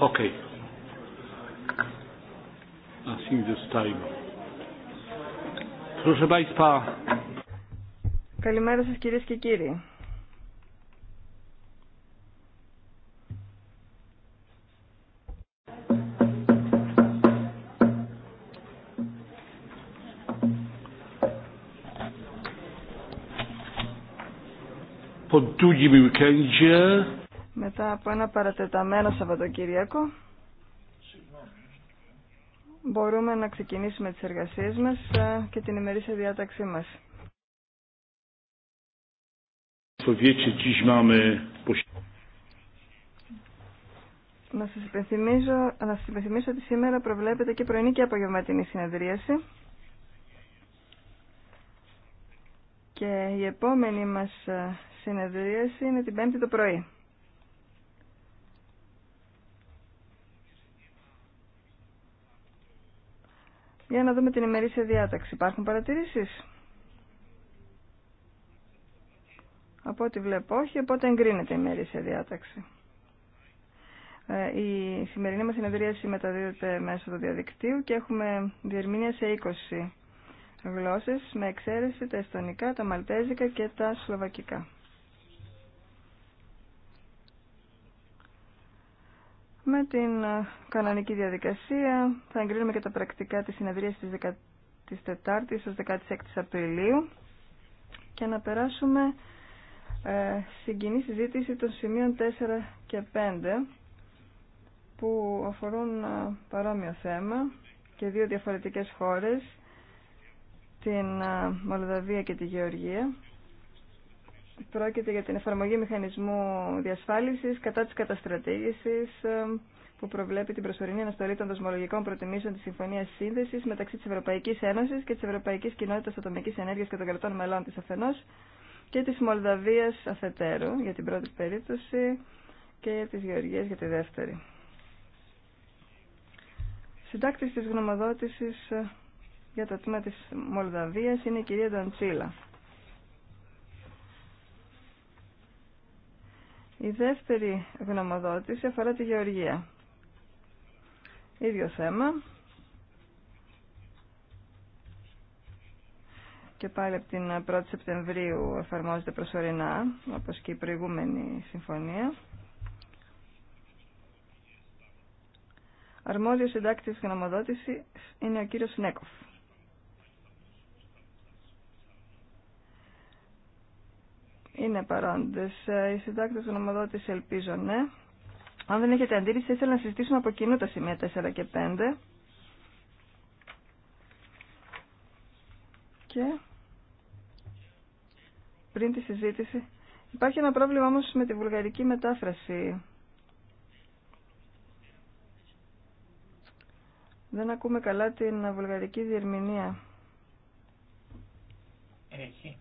Okay. I think this time. Proszę Państwa. Καλημέρα σας κυρίες και κύριοι. Po długim weekendzie μετά από ένα παρατεταμένο Σαββατοκύριακο μπορούμε να ξεκινήσουμε τις εργασίες μας ε, και την ημερήσια διάταξή μας. Να σας υπενθυμίσω, να σας υπενθυμίσω ότι σήμερα προβλέπεται και πρωινή και απογευματινή συνεδρίαση. Και η επόμενη μας ε, συνεδρίαση είναι την Πέμπτη το πρωί. Για να δούμε την ημερήσια διάταξη. Υπάρχουν παρατηρήσεις? Από ό,τι βλέπω όχι, οπότε εγκρίνεται η ημερήσια διάταξη. Ε, η σημερινή μας συνεδρίαση μεταδίδεται μέσω του διαδικτύου και έχουμε διερμήνια σε 20 γλώσσες με εξαίρεση τα εστονικά, τα μαλτέζικα και τα σλοβακικά. Με την ε, κανονική διαδικασία θα εγκρίνουμε και τα πρακτικά της συνεδρίας της 14 η ως 16 Απριλίου και να περάσουμε ε, στην κοινή συζήτηση των σημείων 4 και 5 που αφορούν ε, παρόμοιο θέμα και δύο διαφορετικές χώρες, την ε, Μολδαβία και τη Γεωργία. Πρόκειται για την εφαρμογή μηχανισμού διασφάλισης κατά της καταστρατήγησης ε, που προβλέπει την προσωρινή αναστολή των δοσμολογικών προτιμήσεων τη Συμφωνία Σύνδεση μεταξύ τη Ευρωπαϊκή Ένωση και τη Ευρωπαϊκή Κοινότητα Ατομική Ενέργεια και των κρατών μελών τη αφενό και τη Μολδαβία αφετέρου για την πρώτη περίπτωση και τη Γεωργία για τη δεύτερη. Συντάκτης τη γνωμοδότησης ε, για το τμήμα τη Μολδαβία είναι η κυρία Νταντσίλα. Η δεύτερη γνωμοδότηση αφορά τη γεωργία. Ίδιο θέμα. Και πάλι από την 1η Σεπτεμβρίου εφαρμόζεται προσωρινά, όπως και η προηγούμενη συμφωνία. Αρμόδιος συντάκτης γνωμοδότηση είναι ο κύριος Νέκοφ. είναι παρόντες. Ε, οι συντάκτες νομοδότης ελπίζω ναι. Αν δεν έχετε αντίρρηση, ήθελα να συζητήσουμε από κοινού τα σημεία 4 και 5. Και πριν τη συζήτηση, υπάρχει ένα πρόβλημα όμως με τη βουλγαρική μετάφραση. Δεν ακούμε καλά την βουλγαρική διερμηνία. Έχει.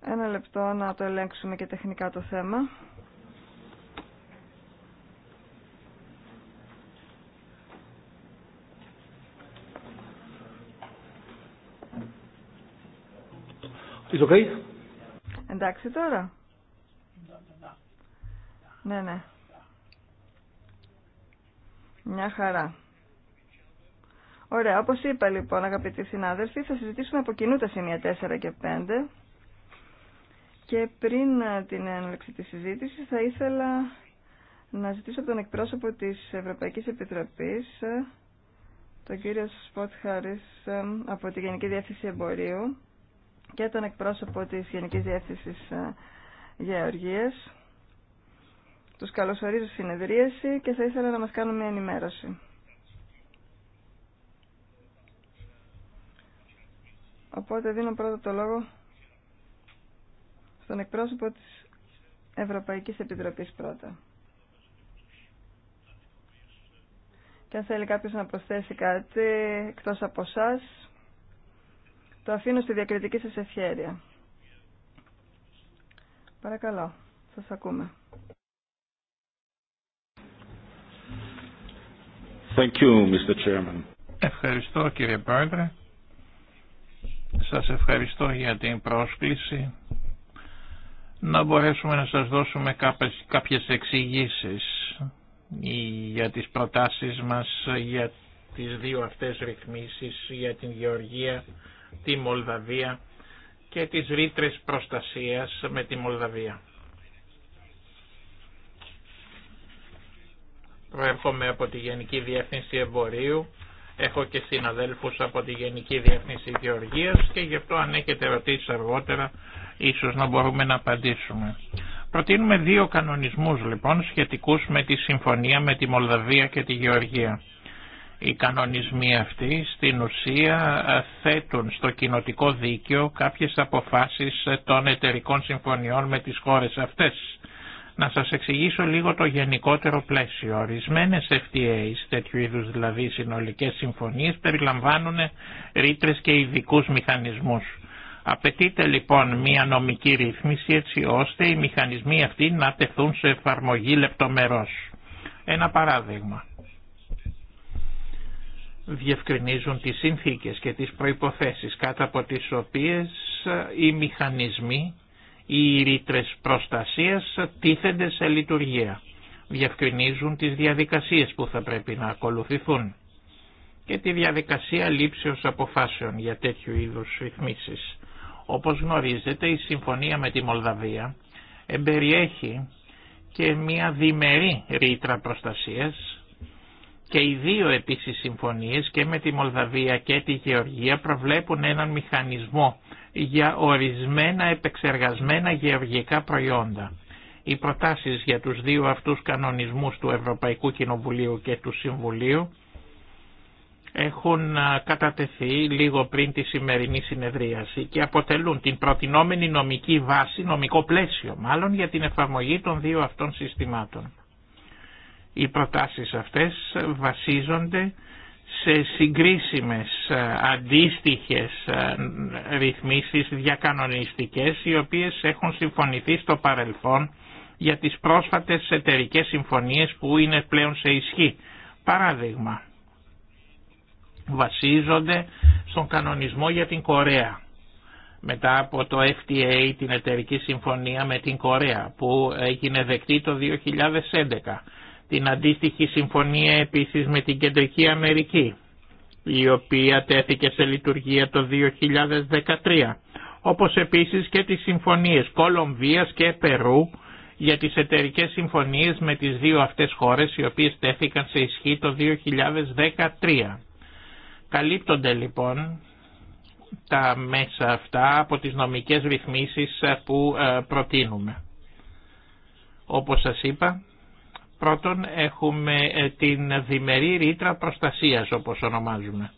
Ένα λεπτό να το ελέγξουμε και τεχνικά το θέμα. Είσαι okay? Εντάξει τώρα. Ναι, ναι. Μια χαρά. Ωραία, όπω είπα λοιπόν αγαπητοί συνάδελφοι, θα συζητήσουμε από κοινού τα σημεία 4 και 5 και πριν ε, την έναρξη τη συζήτηση θα ήθελα να ζητήσω από τον εκπρόσωπο της Ευρωπαϊκής Επιτροπής, ε, τον κύριο Σποτ Χάρη ε, από τη Γενική Διεύθυνση Εμπορίου και τον εκπρόσωπο της Γενική Διεύθυνσης Γεωργία, του καλωσορίζω στη συνεδρίαση και θα ήθελα να μα κάνουν μια ενημέρωση. Οπότε δίνω πρώτα το λόγο στον εκπρόσωπο της Ευρωπαϊκής Επιτροπής πρώτα. Και αν θέλει κάποιος να προσθέσει κάτι εκτός από εσά, το αφήνω στη διακριτική σας ευχαίρεια. Παρακαλώ, σας ακούμε. Thank you, Mr. Chairman. Ευχαριστώ κύριε Πρόεδρε. Σας ευχαριστώ για την πρόσκληση. Να μπορέσουμε να σας δώσουμε κάποιες εξηγήσεις για τις προτάσεις μας για τις δύο αυτές ρυθμίσεις για την Γεωργία, τη Μολδαβία και τις ρήτρε προστασίας με τη Μολδαβία. Προέρχομαι από τη Γενική Διεύθυνση Εμπορίου Έχω και συναδέλφους από τη Γενική Διεύθυνση Γεωργίας και γι' αυτό αν έχετε ερωτήσεις αργότερα ίσως να μπορούμε να απαντήσουμε. Προτείνουμε δύο κανονισμούς λοιπόν σχετικούς με τη συμφωνία με τη Μολδαβία και τη Γεωργία. Οι κανονισμοί αυτοί στην ουσία θέτουν στο κοινοτικό δίκαιο κάποιες αποφάσεις των εταιρικών συμφωνιών με τις χώρες αυτές να σας εξηγήσω λίγο το γενικότερο πλαίσιο. Ορισμένες FTAs, τέτοιου είδους δηλαδή συνολικές συμφωνίες, περιλαμβάνουν ρήτρες και ειδικού μηχανισμούς. Απαιτείται λοιπόν μία νομική ρύθμιση έτσι ώστε οι μηχανισμοί αυτοί να τεθούν σε εφαρμογή λεπτομερώς. Ένα παράδειγμα. Διευκρινίζουν τις συνθήκες και τις προϋποθέσεις κάτω από τις οποίες οι μηχανισμοί οι ρήτρες προστασίας τίθενται σε λειτουργία. Διευκρινίζουν τις διαδικασίες που θα πρέπει να ακολουθηθούν και τη διαδικασία λήψεως αποφάσεων για τέτοιου είδους ρυθμίσεις. Όπως γνωρίζετε η συμφωνία με τη Μολδαβία εμπεριέχει και μια διμερή ρήτρα προστασίας και οι δύο επίσης συμφωνίες και με τη Μολδαβία και τη Γεωργία προβλέπουν έναν μηχανισμό για ορισμένα επεξεργασμένα γεωργικά προϊόντα. Οι προτάσεις για τους δύο αυτούς κανονισμούς του Ευρωπαϊκού Κοινοβουλίου και του Συμβουλίου έχουν κατατεθεί λίγο πριν τη σημερινή συνεδρίαση και αποτελούν την προτινόμενη νομική βάση, νομικό πλαίσιο μάλλον, για την εφαρμογή των δύο αυτών συστημάτων. Οι προτάσεις αυτές βασίζονται σε συγκρίσιμες ε, αντίστοιχες ε, ρυθμίσεις διακανονιστικές οι οποίες έχουν συμφωνηθεί στο παρελθόν για τις πρόσφατες εταιρικές συμφωνίες που είναι πλέον σε ισχύ. Παράδειγμα, βασίζονται στον κανονισμό για την Κορέα μετά από το FTA, την εταιρική συμφωνία με την Κορέα που έγινε δεκτή το 2011 την αντίστοιχη συμφωνία επίσης με την Κεντρική Αμερική, η οποία τέθηκε σε λειτουργία το 2013, όπως επίσης και τις συμφωνίες Κολομβίας και Περού για τις εταιρικέ συμφωνίες με τις δύο αυτές χώρες οι οποίες τέθηκαν σε ισχύ το 2013. Καλύπτονται λοιπόν τα μέσα αυτά από τις νομικές ρυθμίσεις που ε, προτείνουμε. Όπως σας είπα, Πρώτον έχουμε ε, την διμερή ρήτρα προστασίας όπως ονομάζουμε.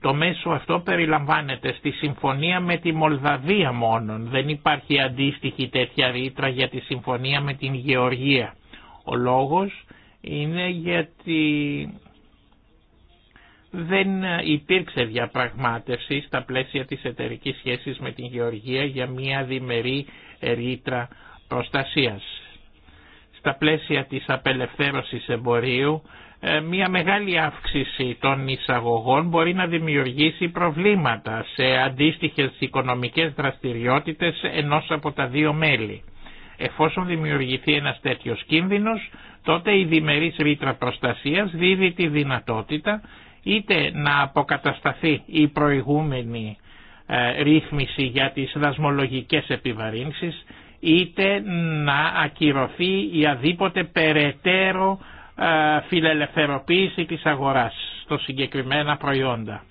Το μέσο αυτό περιλαμβάνεται στη συμφωνία με τη Μολδαβία μόνον. Δεν υπάρχει αντίστοιχη τέτοια ρήτρα για τη συμφωνία με την Γεωργία. Ο λόγος είναι γιατί δεν υπήρξε διαπραγμάτευση στα πλαίσια της εταιρικής σχέσης με την Γεωργία για μια διμερή ρήτρα προστασίας στα πλαίσια της απελευθέρωσης εμπορίου ε, μια μεγάλη αύξηση των εισαγωγών μπορεί να δημιουργήσει προβλήματα σε αντίστοιχες οικονομικές δραστηριότητες ενός από τα δύο μέλη. Εφόσον δημιουργηθεί ένας τέτοιος κίνδυνος, τότε η διμερής ρήτρα προστασίας δίδει τη δυνατότητα είτε να αποκατασταθεί η προηγούμενη ε, ρύθμιση για τις δασμολογικές επιβαρύνσεις είτε να ακυρωθεί η αδίποτε περαιτέρω ε, φιλελευθεροποίηση της αγοράς στο συγκεκριμένα προϊόντα.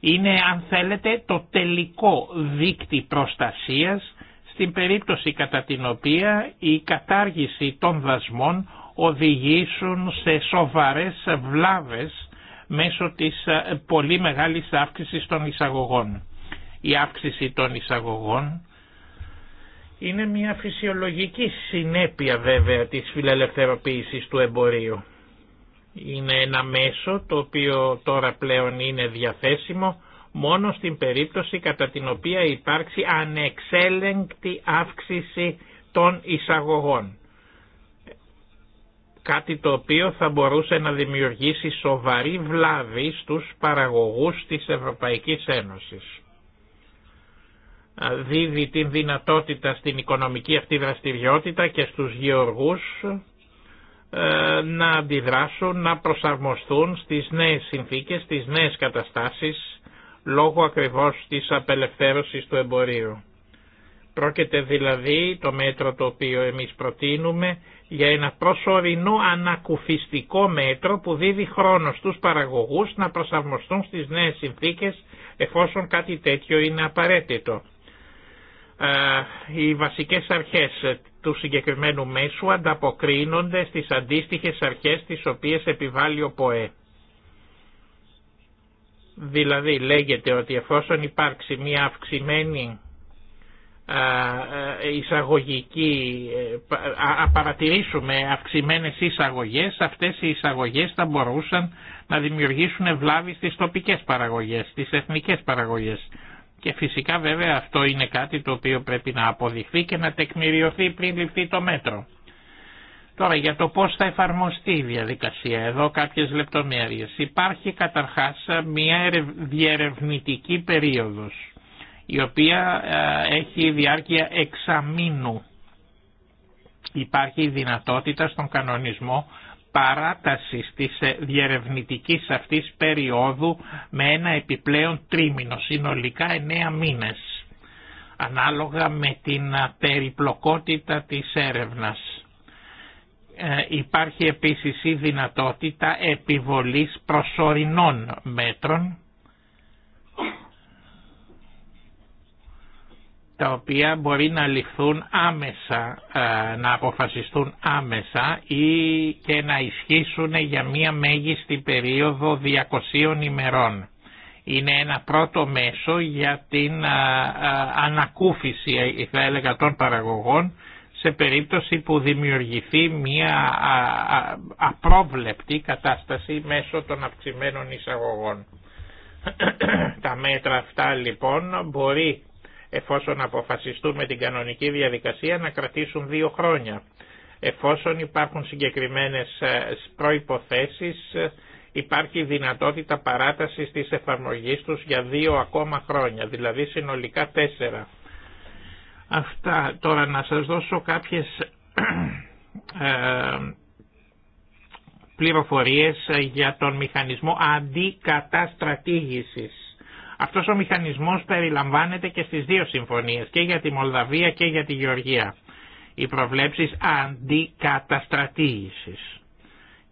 Είναι αν θέλετε το τελικό δίκτυ προστασίας στην περίπτωση κατά την οποία η κατάργηση των δασμών οδηγήσουν σε σοβαρές βλάβες μέσω της ε, πολύ μεγάλης αύξησης των εισαγωγών. Η αύξηση των εισαγωγών είναι μια φυσιολογική συνέπεια βέβαια της φιλελευθεροποίησης του εμπορίου. Είναι ένα μέσο το οποίο τώρα πλέον είναι διαθέσιμο μόνο στην περίπτωση κατά την οποία υπάρξει ανεξέλεγκτη αύξηση των εισαγωγών. Κάτι το οποίο θα μπορούσε να δημιουργήσει σοβαρή βλάβη στους παραγωγούς της Ευρωπαϊκής Ένωσης δίδει την δυνατότητα στην οικονομική αυτή δραστηριότητα και στους γεωργούς ε, να αντιδράσουν, να προσαρμοστούν στις νέες συνθήκες, στις νέες καταστάσεις λόγω ακριβώς της απελευθέρωσης του εμπορίου. Πρόκειται δηλαδή το μέτρο το οποίο εμείς προτείνουμε για ένα προσωρινό ανακουφιστικό μέτρο που δίδει χρόνο στους παραγωγούς να προσαρμοστούν στις νέες συνθήκες εφόσον κάτι τέτοιο είναι απαραίτητο. Ε, οι βασικές αρχές του συγκεκριμένου μέσου ανταποκρίνονται στις αντίστοιχες αρχές τις οποίες επιβάλλει ο ΠΟΕ. Δηλαδή λέγεται ότι εφόσον υπάρξει μια αυξημένη ε, ε, εισαγωγική, παρατηρήσουμε αυξημένες εισαγωγές, αυτές οι εισαγωγές θα μπορούσαν να δημιουργήσουν βλάβη στις τοπικές παραγωγές, στις εθνικές παραγωγές. Και φυσικά βέβαια αυτό είναι κάτι το οποίο πρέπει να αποδειχθεί και να τεκμηριωθεί πριν ληφθεί το μέτρο. Τώρα για το πώς θα εφαρμοστεί η διαδικασία, εδώ κάποιες λεπτομέρειες. Υπάρχει καταρχάς μια διερευνητική περίοδος, η οποία ε, έχει διάρκεια εξαμήνου. Υπάρχει δυνατότητα στον κανονισμό παράτασης της ε, διερευνητικής αυτής περίοδου με ένα επιπλέον τρίμηνο, συνολικά εννέα μήνες, ανάλογα με την ε, περιπλοκότητα της έρευνας. Ε, υπάρχει επίσης η δυνατότητα επιβολής προσωρινών μέτρων τα οποία μπορεί να ληφθούν άμεσα, ε, να αποφασιστούν άμεσα ή και να ισχύσουν για μία μέγιστη περίοδο 200 ημερών. Είναι ένα πρώτο μέσο για την ε, ε, ανακούφιση, θα έλεγα, των παραγωγών σε περίπτωση που δημιουργηθεί μία απρόβλεπτη κατάσταση μέσω των αυξημένων εισαγωγών. Τα μέτρα αυτά λοιπόν μπορεί εφόσον αποφασιστούν με την κανονική διαδικασία να κρατήσουν δύο χρόνια. Εφόσον υπάρχουν συγκεκριμένες ε, προϋποθέσεις ε, υπάρχει δυνατότητα παράτασης της εφαρμογής τους για δύο ακόμα χρόνια, δηλαδή συνολικά τέσσερα. Αυτά τώρα να σας δώσω κάποιες ε, πληροφορίες για τον μηχανισμό αντικαταστρατήγησης. Αυτός ο μηχανισμός περιλαμβάνεται και στις δύο συμφωνίες, και για τη Μολδαβία και για τη Γεωργία. Οι προβλέψεις αντικαταστρατήγησης.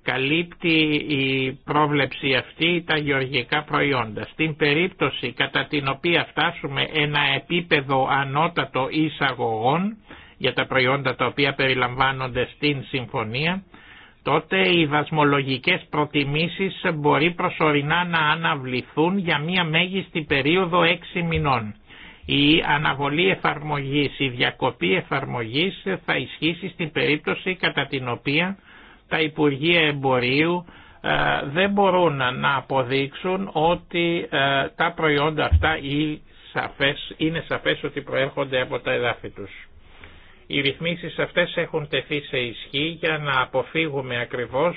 Καλύπτει η πρόβλεψη αυτή τα γεωργικά προϊόντα. Στην περίπτωση κατά την οποία φτάσουμε ένα επίπεδο ανώτατο εισαγωγών για τα προϊόντα τα οποία περιλαμβάνονται στην συμφωνία, τότε οι δασμολογικές προτιμήσεις μπορεί προσωρινά να αναβληθούν για μία μέγιστη περίοδο 6 μηνών. Η αναβολή εφαρμογής, η διακοπή εφαρμογής θα ισχύσει στην περίπτωση κατά την οποία τα Υπουργεία Εμπορίου ε, δεν μπορούν να αποδείξουν ότι ε, τα προϊόντα αυτά είναι σαφές ότι προέρχονται από τα εδάφη τους. Οι ρυθμίσεις αυτές έχουν τεθεί σε ισχύ για να αποφύγουμε ακριβώς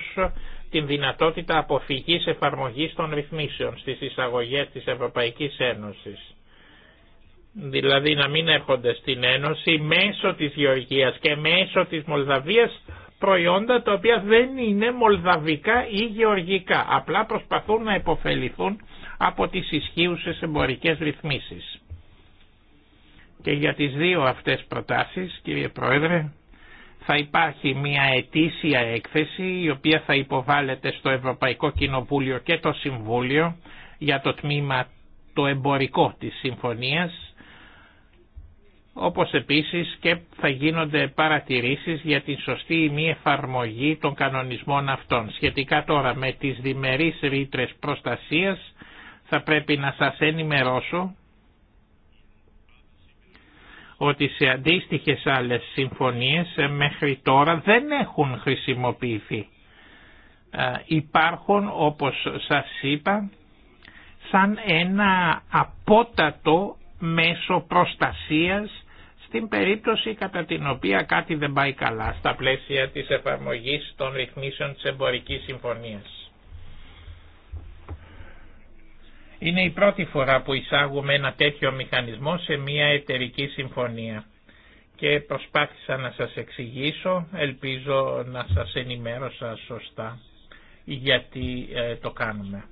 την δυνατότητα αποφυγής εφαρμογής των ρυθμίσεων στις εισαγωγές της Ευρωπαϊκής Ένωσης. Δηλαδή να μην έρχονται στην Ένωση μέσω της Γεωργίας και μέσω της Μολδαβίας προϊόντα τα οποία δεν είναι μολδαβικά ή γεωργικά. Απλά προσπαθούν να υποφεληθούν από τις ισχύουσες εμπορικές ρυθμίσεις. Και για τις δύο αυτές προτάσεις, κύριε Πρόεδρε, θα υπάρχει μια ετήσια έκθεση η οποία θα υποβάλλεται στο Ευρωπαϊκό Κοινοβούλιο και το Συμβούλιο για το τμήμα το εμπορικό της συμφωνίας όπως επίσης και θα γίνονται παρατηρήσεις για την σωστή ή μη εφαρμογή των κανονισμών αυτών. Σχετικά τώρα με τις διμερείς ρήτρες προστασίας θα πρέπει να σας ενημερώσω ότι σε αντίστοιχες άλλες συμφωνίες ε, μέχρι τώρα δεν έχουν χρησιμοποιηθεί. Ε, υπάρχουν όπως σας είπα σαν ένα απότατο μέσο προστασίας στην περίπτωση κατά την οποία κάτι δεν πάει καλά στα πλαίσια της εφαρμογής των ρυθμίσεων της εμπορικής συμφωνίας. Είναι η πρώτη φορά που εισάγουμε ένα τέτοιο μηχανισμό σε μια εταιρική συμφωνία και προσπάθησα να σας εξηγήσω, ελπίζω να σας ενημέρωσα σωστά γιατί ε, το κάνουμε.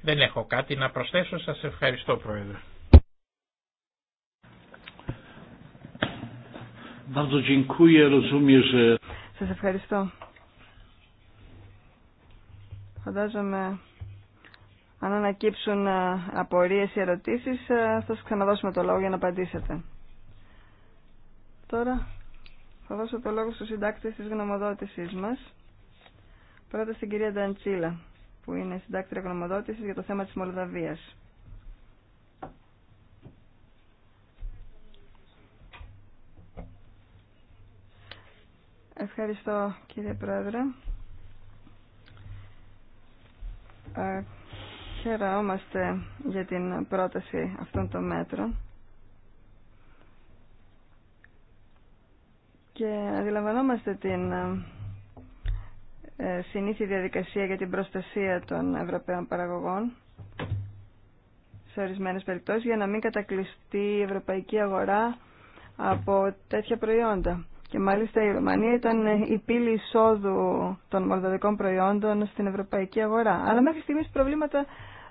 Δεν έχω κάτι να προσθέσω, σας ευχαριστώ Πρόεδρε. Σας ευχαριστώ. Φαντάζομαι αν ανακύψουν ε, απορίες ή ερωτήσεις, ε, θα σας ξαναδώσουμε το λόγο για να απαντήσετε. Τώρα θα δώσω το λόγο στους συντάκτες της γνωμοδότησής μας. Πρώτα στην κυρία Νταντσίλα, που είναι συντάκτρια γνωμοδότησης για το θέμα της Μολδαβίας. Ευχαριστώ κύριε Πρόεδρε χαιρόμαστε για την πρόταση αυτών των μέτρων και αντιλαμβανόμαστε την ε, συνήθη διαδικασία για την προστασία των Ευρωπαίων παραγωγών σε ορισμένες περιπτώσεις για να μην κατακλειστεί η ευρωπαϊκή αγορά από τέτοια προϊόντα. Και μάλιστα η Ρουμανία ήταν η πύλη εισόδου των μολδαδικών προϊόντων στην ευρωπαϊκή αγορά. Αλλά μέχρι στιγμής προβλήματα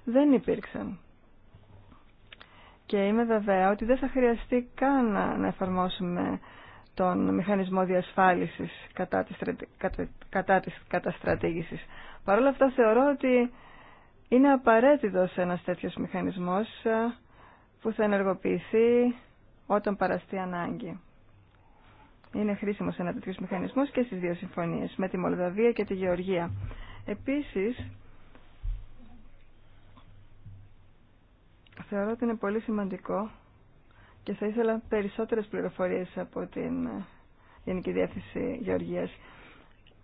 δεν υπήρξαν. Και είμαι βεβαία ότι δεν θα χρειαστεί καν να εφαρμόσουμε τον μηχανισμό διασφάλισης κατά της, κατα, της καταστρατήγησης. Παρ' όλα αυτά θεωρώ ότι είναι απαραίτητος ένας τέτοιος μηχανισμός ε, που θα ενεργοποιηθεί όταν παραστεί ανάγκη. Είναι χρήσιμος ένα τέτοιος μηχανισμός και στις δύο συμφωνίες με τη Μολδαβία και τη Γεωργία. Επίσης Θεωρώ ότι είναι πολύ σημαντικό και θα ήθελα περισσότερες πληροφορίες από την ε, Γενική Διεύθυνση Γεωργίας.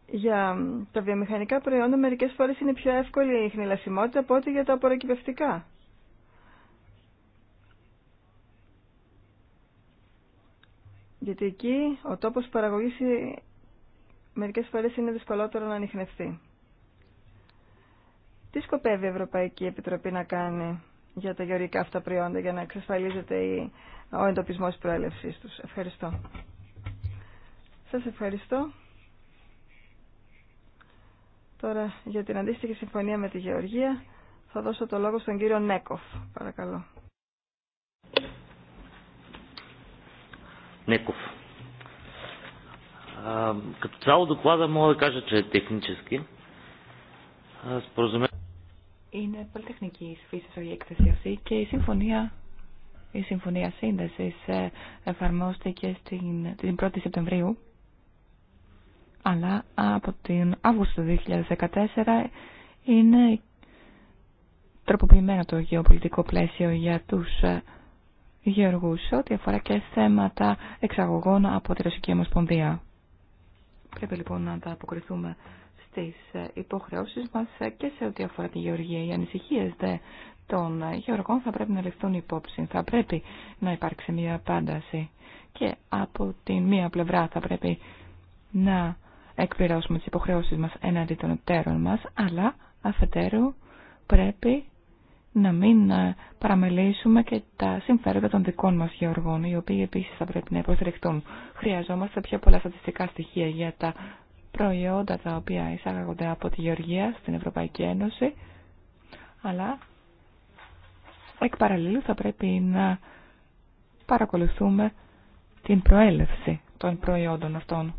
Για τα βιομηχανικά προϊόντα μερικές φορές είναι πιο εύκολη η χνηλασιμότητα από ό,τι για τα απορροκυπευτικά. Γιατί εκεί ο τόπος παραγωγής ε, μερικές φορές είναι δυσκολότερο να ανοιχνευτεί. Τι σκοπεύει η Ευρωπαϊκή Επιτροπή να κάνει για τα γεωργικά αυτά προϊόντα για να εξασφαλίζεται η, ο εντοπισμός προέλευσής τους. Ευχαριστώ. Σας ευχαριστώ. Τώρα για την αντίστοιχη συμφωνία με τη Γεωργία θα δώσω το λόγο στον κύριο Νέκοφ. Παρακαλώ. Νέκοφ. Като цяло доклада мога да кажа, че е είναι πολυτεχνική φύσης η έκθεση αυτή και η συμφωνία η Συμφωνία Σύνδεσης ε, εφαρμόστηκε στην, την 1η Σεπτεμβρίου, αλλά από την Αύγουστο 2014 είναι τροποποιημένο το γεωπολιτικό πλαίσιο για τους ε, γεωργούς ό,τι αφορά και θέματα εξαγωγών από τη Ρωσική Ομοσπονδία. Πρέπει λοιπόν να τα αποκριθούμε στις ε, υποχρεώσεις μας ε, και σε ό,τι αφορά τη γεωργία. Οι ανησυχίες των ε, γεωργών θα πρέπει να ληφθούν υπόψη. Θα πρέπει να υπάρξει μια απάνταση. Και από την μία πλευρά θα πρέπει να εκπληρώσουμε τις υποχρεώσεις μας έναντι των εταίρων μας, αλλά αφετέρου πρέπει να μην παραμελήσουμε και τα συμφέροντα των δικών μας γεωργών, οι οποίοι επίσης θα πρέπει να υποστηριχτούν. Χρειαζόμαστε πιο πολλά στατιστικά στοιχεία για τα προϊόντα τα οποία εισάγονται από τη Γεωργία στην Ευρωπαϊκή Ένωση, αλλά εκ παραλληλού θα πρέπει να παρακολουθούμε την προέλευση των προϊόντων αυτών.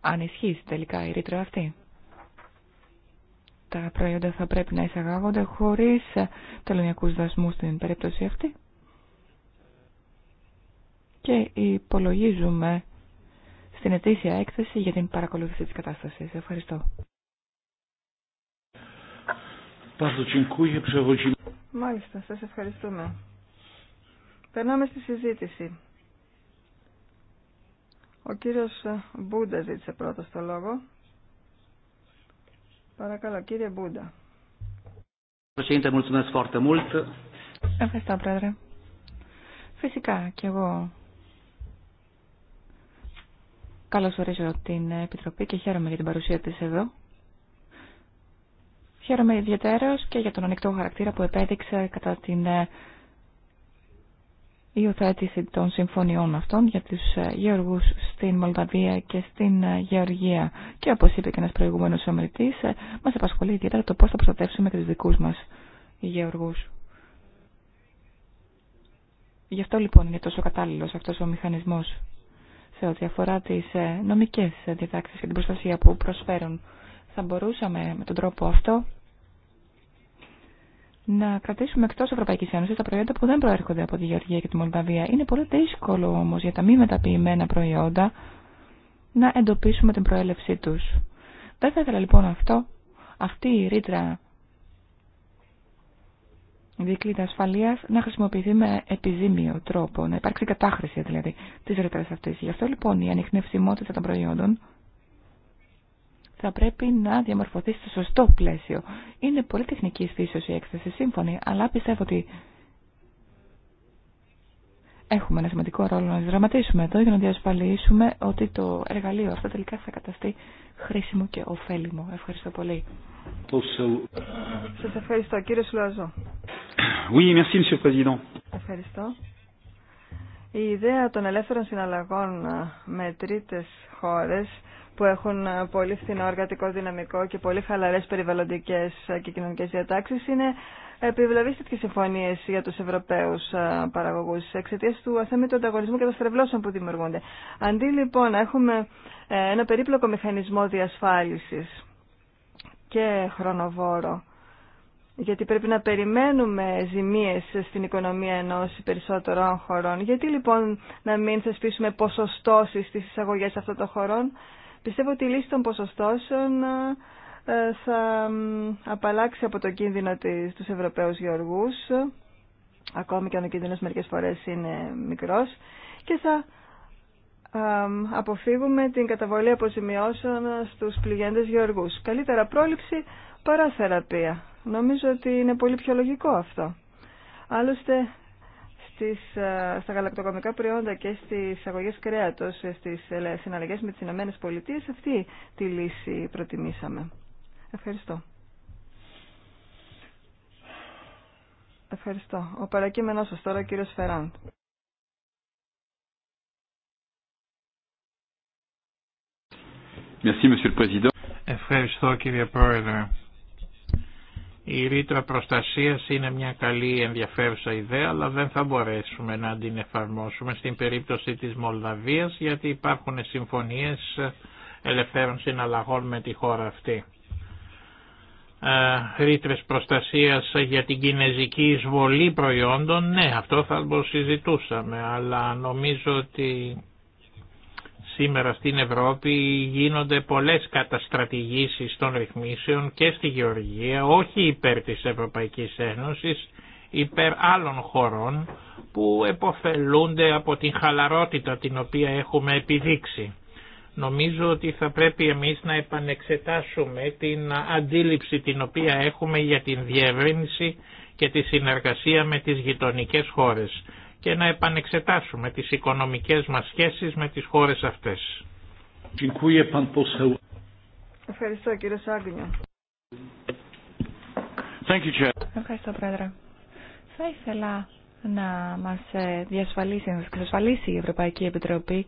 Αν ισχύσει τελικά η ρήτρα αυτή. Τα προϊόντα θα πρέπει να εισαγάγονται χωρίς τελωνιακούς δασμούς στην περίπτωση αυτή. Και υπολογίζουμε στην ετήσια έκθεση για την παρακολούθηση της κατάστασης. Ευχαριστώ. Μάλιστα, σας ευχαριστούμε. Περνάμε στη συζήτηση. Ο κύριος Μπούντα ζήτησε πρώτος το λόγο. Παρακαλώ, κύριε Μπούντα. Ευχαριστώ, Πρόεδρε. Φυσικά, και εγώ Καλώς ορίζω την Επιτροπή και χαίρομαι για την παρουσία της εδώ. Χαίρομαι ιδιαίτερως και για τον ανοιχτό χαρακτήρα που επέδειξε κατά την ε, υιοθέτηση των συμφωνιών αυτών για τους ε, γεωργούς στην Μολδαβία και στην ε, Γεωργία. Και όπως είπε και ένας προηγούμενος ομιλητής, μας απασχολεί ιδιαίτερα το πώς θα προστατεύσουμε και τους δικούς μας γεωργούς. Γι' αυτό λοιπόν είναι τόσο κατάλληλος αυτός ο μηχανισμός σε ό,τι αφορά τις ε, νομικές διατάξεις και την προστασία που προσφέρουν. Θα μπορούσαμε με τον τρόπο αυτό να κρατήσουμε εκτός Ευρωπαϊκής Ένωσης τα προϊόντα που δεν προέρχονται από τη Γεωργία και τη Μολδαβία. Είναι πολύ δύσκολο όμως για τα μη μεταποιημένα προϊόντα να εντοπίσουμε την προέλευσή τους. Δεν θα ήθελα λοιπόν αυτό, αυτή η ρήτρα Δικαιή ασφαλεία να χρησιμοποιηθεί με επιζήμιο τρόπο, να υπάρξει κατάχρηση δηλαδή τη ρήτρα αυτή. Γι' αυτό λοιπόν η ανιχνευσιμότητα των προϊόντων θα πρέπει να διαμορφωθεί στο σωστό πλαίσιο. Είναι πολύ τεχνική φύση η έκθεση, σύμφωνη, αλλά πιστεύω ότι έχουμε ένα σημαντικό ρόλο να δραματίσουμε εδώ για να διασφαλίσουμε ότι το εργαλείο αυτό τελικά θα καταστεί χρήσιμο και ωφέλιμο. Ευχαριστώ πολύ. Σας ευχαριστώ. Κύριε Σουλαζό. Oui, Ευχαριστώ. Η ιδέα των ελεύθερων συναλλαγών με τρίτες χώρες που έχουν πολύ φθηνό εργατικό δυναμικό και πολύ χαλαρέ περιβαλλοντικέ και κοινωνικέ διατάξει, είναι επιβλαβείς τέτοιες συμφωνίε για τους Ευρωπαίους παραγωγούς εξαιτία του αθέμητου ανταγωνισμού και των στρεβλώσεων που δημιουργούνται. Αντί λοιπόν να έχουμε ε, ένα περίπλοκο μηχανισμό διασφάλιση και χρονοβόρο, γιατί πρέπει να περιμένουμε ζημίε στην οικονομία ενός περισσότερων χωρών. Γιατί λοιπόν να μην θεσπίσουμε ποσοστώσει στι εισαγωγέ αυτών των χωρών Πιστεύω ότι η λύση των ποσοστώσεων ε, θα απαλλάξει από το κίνδυνο της, τους Ευρωπαίους γεωργούς, ακόμη και αν ο κίνδυνος μερικές φορές είναι μικρός, και θα ε, αποφύγουμε την καταβολή αποζημιώσεων στους πληγέντες γεωργούς. Καλύτερα πρόληψη παρά θεραπεία. Νομίζω ότι είναι πολύ πιο λογικό αυτό. Άλλωστε στις, ε, στα γαλακτοκομικά προϊόντα και στις αγωγές κρέατος, ε, στις ε, συναλλαγές με τις Ηνωμένες Πολιτείες, αυτή τη λύση προτιμήσαμε. Ευχαριστώ. Ευχαριστώ. Ο παρακείμενός σας τώρα, ο κύριος Φεράντ. Ευχαριστώ κύριε Πρόεδρε. Η ρήτρα προστασίας είναι μια καλή ενδιαφέρουσα ιδέα, αλλά δεν θα μπορέσουμε να την εφαρμόσουμε στην περίπτωση της Μολδαβίας, γιατί υπάρχουν συμφωνίες ελευθέρων συναλλαγών με τη χώρα αυτή. Ε, ρήτρες προστασίας για την κινέζικη εισβολή προϊόντων, ναι, αυτό θα το συζητούσαμε, αλλά νομίζω ότι Σήμερα στην Ευρώπη γίνονται πολλές καταστρατηγήσεις των ρυθμίσεων και στη Γεωργία, όχι υπέρ της Ευρωπαϊκής Ένωσης, υπέρ άλλων χωρών που εποφελούνται από την χαλαρότητα την οποία έχουμε επιδείξει. Νομίζω ότι θα πρέπει εμείς να επανεξετάσουμε την αντίληψη την οποία έχουμε για την διεύρυνση και τη συνεργασία με τις γειτονικές χώρες και να επανεξετάσουμε τις οικονομικές μας σχέσεις με τις χώρες αυτές. Ευχαριστώ κύριε Σάγκνιο. Ευχαριστώ πρόεδρε. Θα ήθελα να μας ε, διασφαλίσει, να εξασφαλίσει η Ευρωπαϊκή Επιτροπή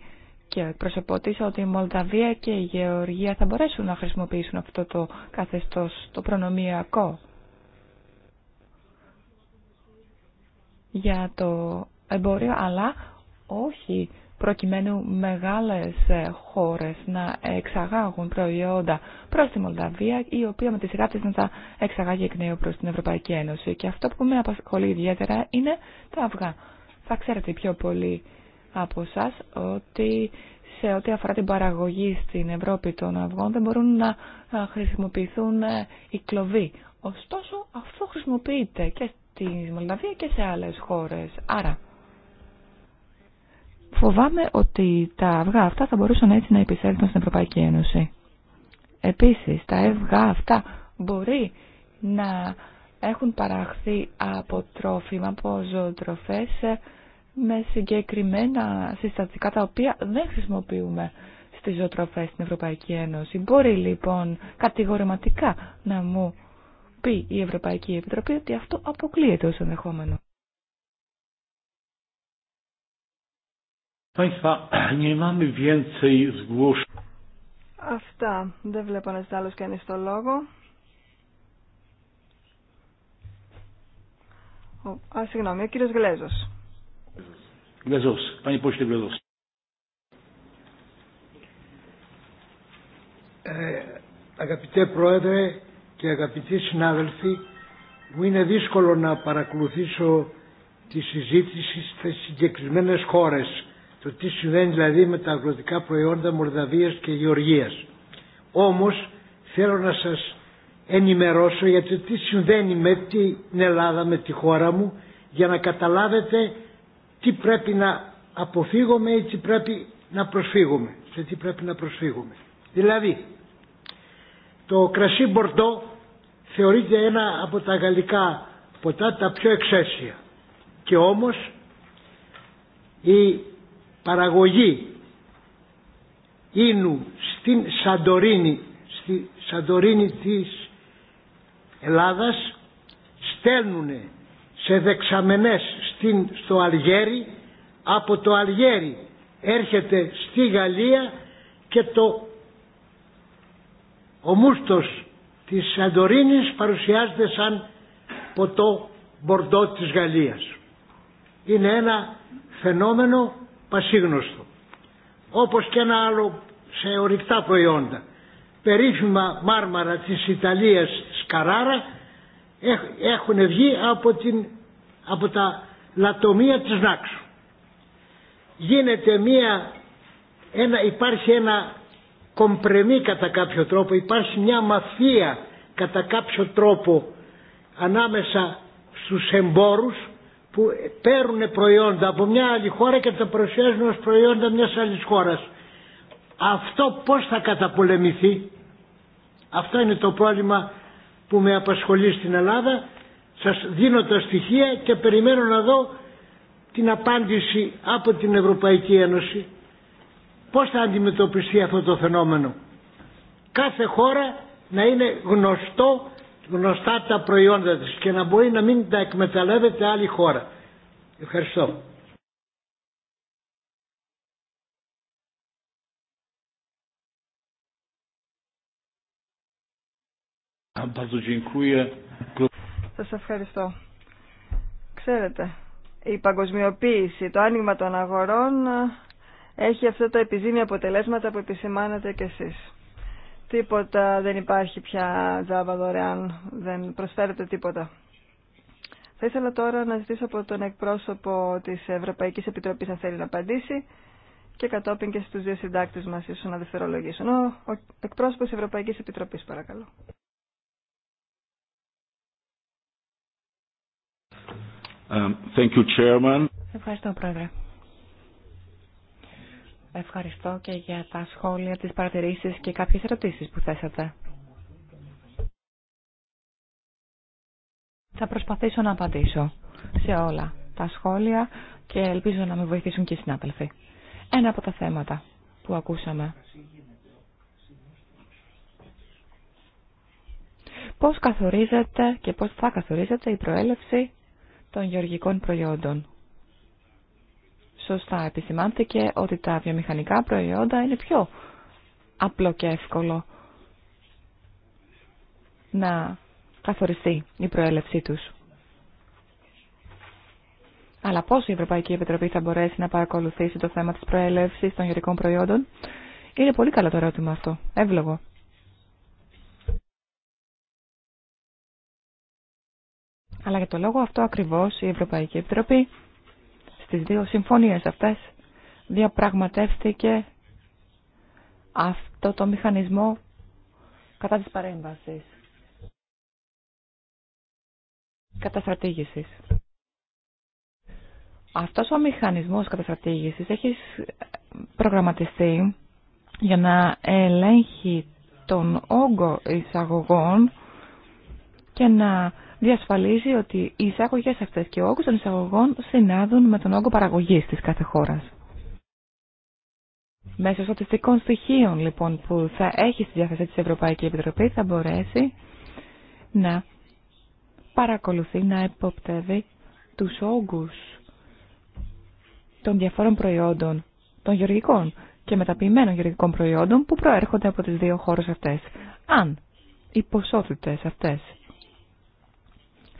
και ο εκπρόσωπό ότι η Μολδαβία και η Γεωργία θα μπορέσουν να χρησιμοποιήσουν αυτό το καθεστώς, το προνομιακό για το εμπόριο, αλλά όχι προκειμένου μεγάλες ε, χώρες να εξαγάγουν προϊόντα προς τη Μολδαβία, η οποία με τη σειρά να τα εξαγάγει εκ νέου προς την Ευρωπαϊκή Ένωση. Και αυτό που με απασχολεί ιδιαίτερα είναι τα αυγά. Θα ξέρετε πιο πολύ από εσά ότι σε ό,τι αφορά την παραγωγή στην Ευρώπη των αυγών δεν μπορούν να χρησιμοποιηθούν ε, οι κλοβοί. Ωστόσο αυτό χρησιμοποιείται και στη Μολδαβία και σε άλλες χώρες. Άρα Φοβάμαι ότι τα αυγά αυτά θα μπορούσαν έτσι να επισέλθουν στην Ευρωπαϊκή Ένωση. Επίσης, τα αυγά αυτά μπορεί να έχουν παραχθεί από τρόφιμα, από ζωοτροφές με συγκεκριμένα συστατικά τα οποία δεν χρησιμοποιούμε στις ζωοτροφές στην Ευρωπαϊκή Ένωση. Μπορεί λοιπόν κατηγορηματικά να μου πει η Ευρωπαϊκή Επιτροπή ότι αυτό αποκλείεται ως ενδεχόμενο. Państwa, nie mamy więcej zgłoszeń. Αυτά. Δεν βλέπω να ζητά άλλος κανείς το λόγο. Ο, α, συγγνώμη, ο κύριος Γλέζος. Γλέζος, πάνε πόσοι Γλέζος. Ε, αγαπητέ Πρόεδρε και αγαπητοί συνάδελφοι, μου είναι δύσκολο να παρακολουθήσω τη συζήτηση στις συγκεκριμένες χώρες το τι συμβαίνει δηλαδή με τα αγροτικά προϊόντα Μορδαβίας και Γεωργίας. Όμως θέλω να σας ενημερώσω για το τι συμβαίνει με την Ελλάδα, με τη χώρα μου, για να καταλάβετε τι πρέπει να αποφύγουμε ή τι πρέπει να προσφύγουμε. Σε τι πρέπει να προσφύγουμε. Δηλαδή, το κρασί Μπορντό θεωρείται ένα από τα γαλλικά ποτά τα πιο εξαίσια. Και όμως η παραγωγή ίνου στην Σαντορίνη, στη Σαντορίνη της Ελλάδας στέλνουν σε δεξαμενές στην, στο Αλγέρι από το Αλγέρι έρχεται στη Γαλλία και το ο μούστος της Σαντορίνης παρουσιάζεται σαν ποτό μπορντό της Γαλλίας. Είναι ένα φαινόμενο πασίγνωστο. Όπως και ένα άλλο σε ορυκτά προϊόντα. Περίφημα μάρμαρα της Ιταλίας Σκαράρα έχουν βγει από, την, από τα λατομεία της Νάξου. Γίνεται μία, ένα, υπάρχει ένα κομπρεμί κατά κάποιο τρόπο, υπάρχει μια μαφία κατά κάποιο τρόπο ανάμεσα στους εμπόρους που παίρνουν προϊόντα από μια άλλη χώρα και τα προσφέρουν ως προϊόντα μιας άλλης χώρας. Αυτό πώς θα καταπολεμηθεί. Αυτό είναι το πρόβλημα που με απασχολεί στην Ελλάδα. Σας δίνω τα στοιχεία και περιμένω να δω την απάντηση από την Ευρωπαϊκή Ένωση. Πώς θα αντιμετωπιστεί αυτό το φαινόμενο. Κάθε χώρα να είναι γνωστό γνωστά τα προϊόντα της και να μπορεί να μην τα εκμεταλλεύεται άλλη χώρα. Ευχαριστώ. Σας ευχαριστώ. Ξέρετε, η παγκοσμιοποίηση, το άνοιγμα των αγορών ε, έχει αυτά τα επιζήμια αποτελέσματα που επισημάνατε κι εσείς τίποτα δεν υπάρχει πια Java δωρεάν, δεν προσφέρεται τίποτα. Θα ήθελα τώρα να ζητήσω από τον εκπρόσωπο της Ευρωπαϊκής Επιτροπής αν θέλει να απαντήσει και κατόπιν και στους δύο συντάκτες μας ίσως να δευτερολογήσουν. Ο, εκπρόσωπο εκπρόσωπος Ευρωπαϊκής Επιτροπής παρακαλώ. Um, thank you, Ευχαριστώ, Πρόεδρε. Ευχαριστώ και για τα σχόλια, τις παρατηρήσεις και κάποιες ερωτήσεις που θέσατε. Θα προσπαθήσω να απαντήσω σε όλα τα σχόλια και ελπίζω να με βοηθήσουν και οι συνάδελφοι. Ένα από τα θέματα που ακούσαμε. Πώς καθορίζεται και πώς θα καθορίζεται η προέλευση των γεωργικών προϊόντων. Σωστά επισημάνθηκε ότι τα βιομηχανικά προϊόντα είναι πιο απλό και εύκολο να καθοριστεί η προέλευσή τους. Αλλά πώς η Ευρωπαϊκή Επιτροπή θα μπορέσει να παρακολουθήσει το θέμα της προέλευσης των γερικών προϊόντων. Είναι πολύ καλό το ερώτημα αυτό. Εύλογο. Αλλά για το λόγο αυτό ακριβώς η Ευρωπαϊκή Επιτροπή στις δύο συμφωνίες αυτές διαπραγματεύτηκε αυτό το μηχανισμό κατά της παρέμβασης, καταστρατήγησης. Αυτός ο μηχανισμός καταστρατήγησης έχει προγραμματιστεί για να ελέγχει τον όγκο εισαγωγών και να διασφαλίζει ότι οι εισαγωγέ αυτέ και ο όγκο των εισαγωγών συνάδουν με τον όγκο παραγωγή τη κάθε χώρα. Μέσω στατιστικών στοιχείων λοιπόν που θα έχει στη διάθεση της Ευρωπαϊκή Επιτροπή θα μπορέσει να παρακολουθεί, να υποπτεύει τους όγκους των διαφόρων προϊόντων, των γεωργικών και μεταποιημένων γεωργικών προϊόντων που προέρχονται από τις δύο χώρες αυτές. Αν οι ποσότητες αυτές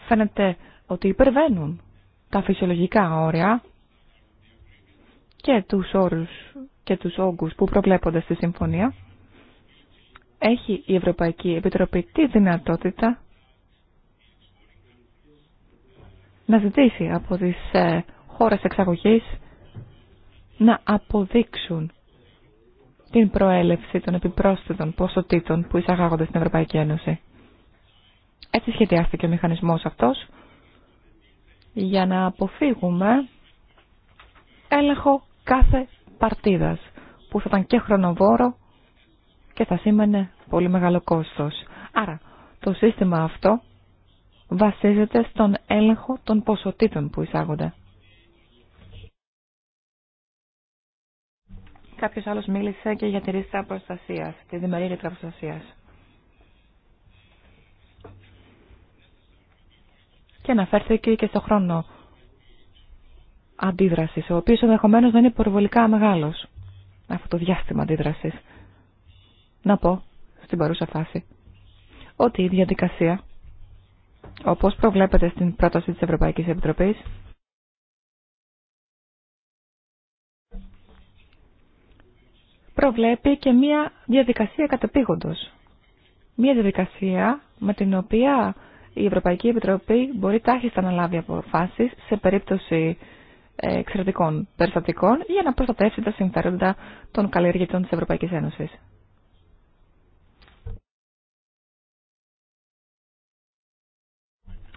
φαίνεται ότι υπερβαίνουν τα φυσιολογικά όρια και τους όρους και τους όγκους που προβλέπονται στη συμφωνία, έχει η Ευρωπαϊκή Επιτροπή τη δυνατότητα να ζητήσει από τις ε, χώρες εξαγωγής να αποδείξουν την προέλευση των επιπρόσθετων ποσοτήτων που εισαγάγονται στην Ευρωπαϊκή Ένωση. Έτσι σχεδιάστηκε ο μηχανισμός αυτός για να αποφύγουμε έλεγχο κάθε παρτίδας που θα ήταν και χρονοβόρο και θα σήμαινε πολύ μεγάλο κόστος. Άρα το σύστημα αυτό βασίζεται στον έλεγχο των ποσοτήτων που εισάγονται. Κάποιος άλλος μίλησε και για τη ρίστα προστασίας, τη διμερή ρήτρα προστασίας. και αναφέρθηκε και στο χρόνο αντίδρασης, ο οποίος ενδεχομένω δεν είναι υπερβολικά μεγάλος αυτό το διάστημα αντίδρασης. Να πω, στην παρούσα φάση, ότι η διαδικασία, όπως προβλέπεται στην πρόταση της Ευρωπαϊκής Επιτροπής, προβλέπει και μία διαδικασία κατεπήγοντος. Μία διαδικασία με την οποία η Ευρωπαϊκή Επιτροπή μπορεί τάχιστα να λάβει αποφάσεις σε περίπτωση ε, εξαιρετικών περιστατικών για να προστατεύσει τα συμφέροντα των καλλιεργητών της Ευρωπαϊκής Ένωσης.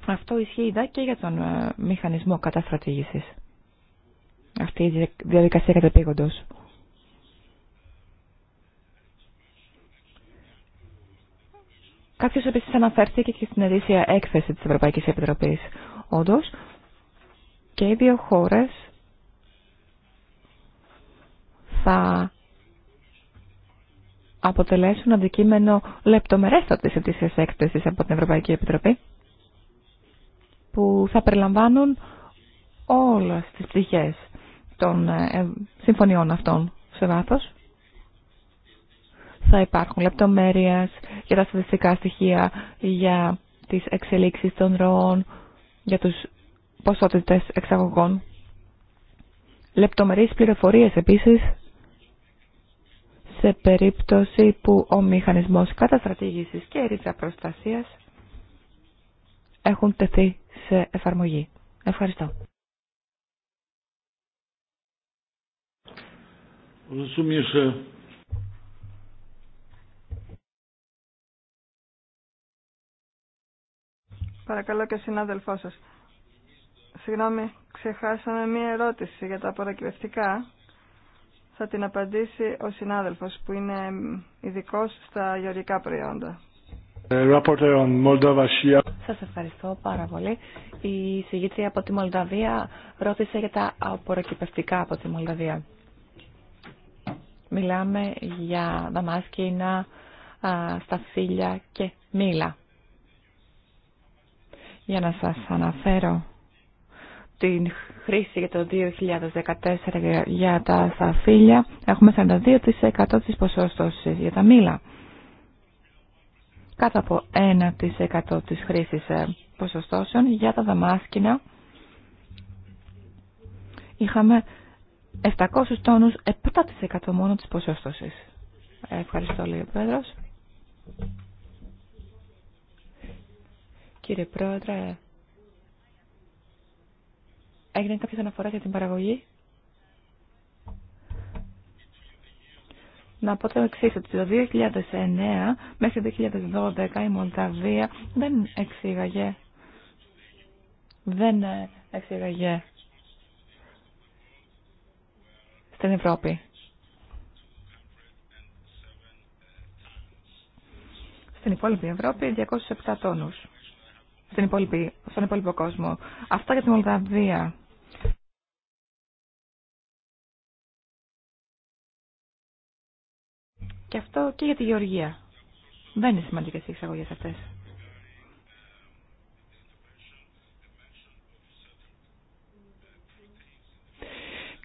Αυτό ισχύει και για τον ε, μηχανισμό καταστρατήγησης. Αυτή η διαδικασία κατεπήγοντος. Κάποιος επίση αναφέρθηκε και στην ετήσια έκθεση της Ευρωπαϊκής Επιτροπή Όντω, και οι δύο χώρες θα αποτελέσουν αντικείμενο λεπτομερέστατη ετήσια έκθεση από την Ευρωπαϊκή Επιτροπή που θα περιλαμβάνουν όλες τις πτυχές των ε, συμφωνιών αυτών σε βάθος θα υπάρχουν λεπτομέρειες για τα στατιστικά στοιχεία, για τις εξελίξεις των ροών, για τους ποσότητες εξαγωγών. Λεπτομερείς πληροφορίες επίσης σε περίπτωση που ο μηχανισμός καταστρατήγησης και ρήτρα προστασίας έχουν τεθεί σε εφαρμογή. Ευχαριστώ. Παρακαλώ και συνάδελφό σας. Συγγνώμη, ξεχάσαμε μία ερώτηση για τα παρακυβευτικά. Θα την απαντήσει ο συνάδελφος που είναι ειδικό στα γεωργικά προϊόντα. Ε, σας ευχαριστώ πάρα πολύ. Η συγγήτρια από τη Μολδαβία ρώτησε για τα απορροκυπευτικά από τη Μολδαβία. Μιλάμε για δαμάσκηνα, σταφύλια και μήλα για να σας αναφέρω την χρήση για το 2014 για τα σαφίλια έχουμε 42% της ποσόστοσης για τα μήλα κάτω από 1% της χρήσης ε, ποσοστώσεων για τα δαμάσκηνα είχαμε 700 τόνους 7% μόνο της ποσόστοσης Ευχαριστώ Λίγο Thank Κύριε Πρόεδρε, έγινε κάποιες αναφορές για την παραγωγή. Να πω το εξή, ότι το 2009 μέχρι το 2012 η Μολδαβία δεν εξήγαγε, δεν εξήγαγε στην Ευρώπη. Στην υπόλοιπη Ευρώπη 207 τόνους στην στον υπόλοιπο κόσμο. Αυτά για τη Μολδαβία. Και αυτό και για τη Γεωργία. Δεν είναι σημαντικέ οι εξαγωγέ αυτέ.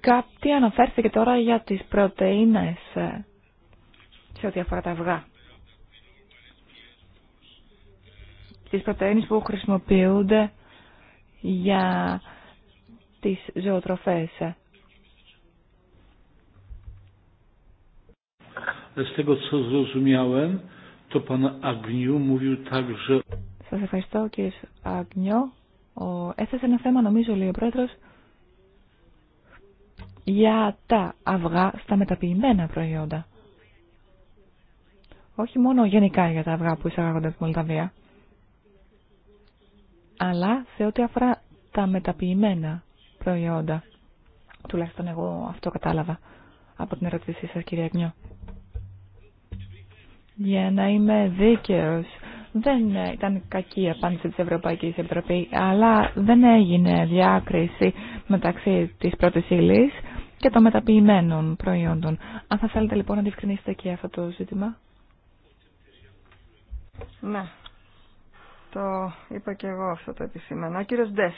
Κάτι αναφέρθηκε τώρα για τις πρωτεΐνες ε, σε ό,τι αφορά τα αυγά. τις πρωτεΐνες που χρησιμοποιούνται για τις ζωοτροφές. Σας ευχαριστώ κύριε Αγνιό. Ο... Έθεσε ένα θέμα νομίζω λέει ο πρόεδρος για τα αυγά στα μεταποιημένα προϊόντα. Όχι μόνο γενικά για τα αυγά που εισαγάγονται από τη Μολδαβία αλλά σε ό,τι αφορά τα μεταποιημένα προϊόντα. Τουλάχιστον εγώ αυτό κατάλαβα από την ερώτησή σας, κυρία Γνιό. Για να είμαι δίκαιος, δεν ήταν κακή η απάντηση της Ευρωπαϊκής Επιτροπής, αλλά δεν έγινε διάκριση μεταξύ της πρώτης ύλη και των μεταποιημένων προϊόντων. Αν θα θέλετε λοιπόν να διευκρινίσετε και αυτό το ζήτημα. Ναι, το είπα και εγώ αυτό το επισήμενο. Ο κύριος Ντες.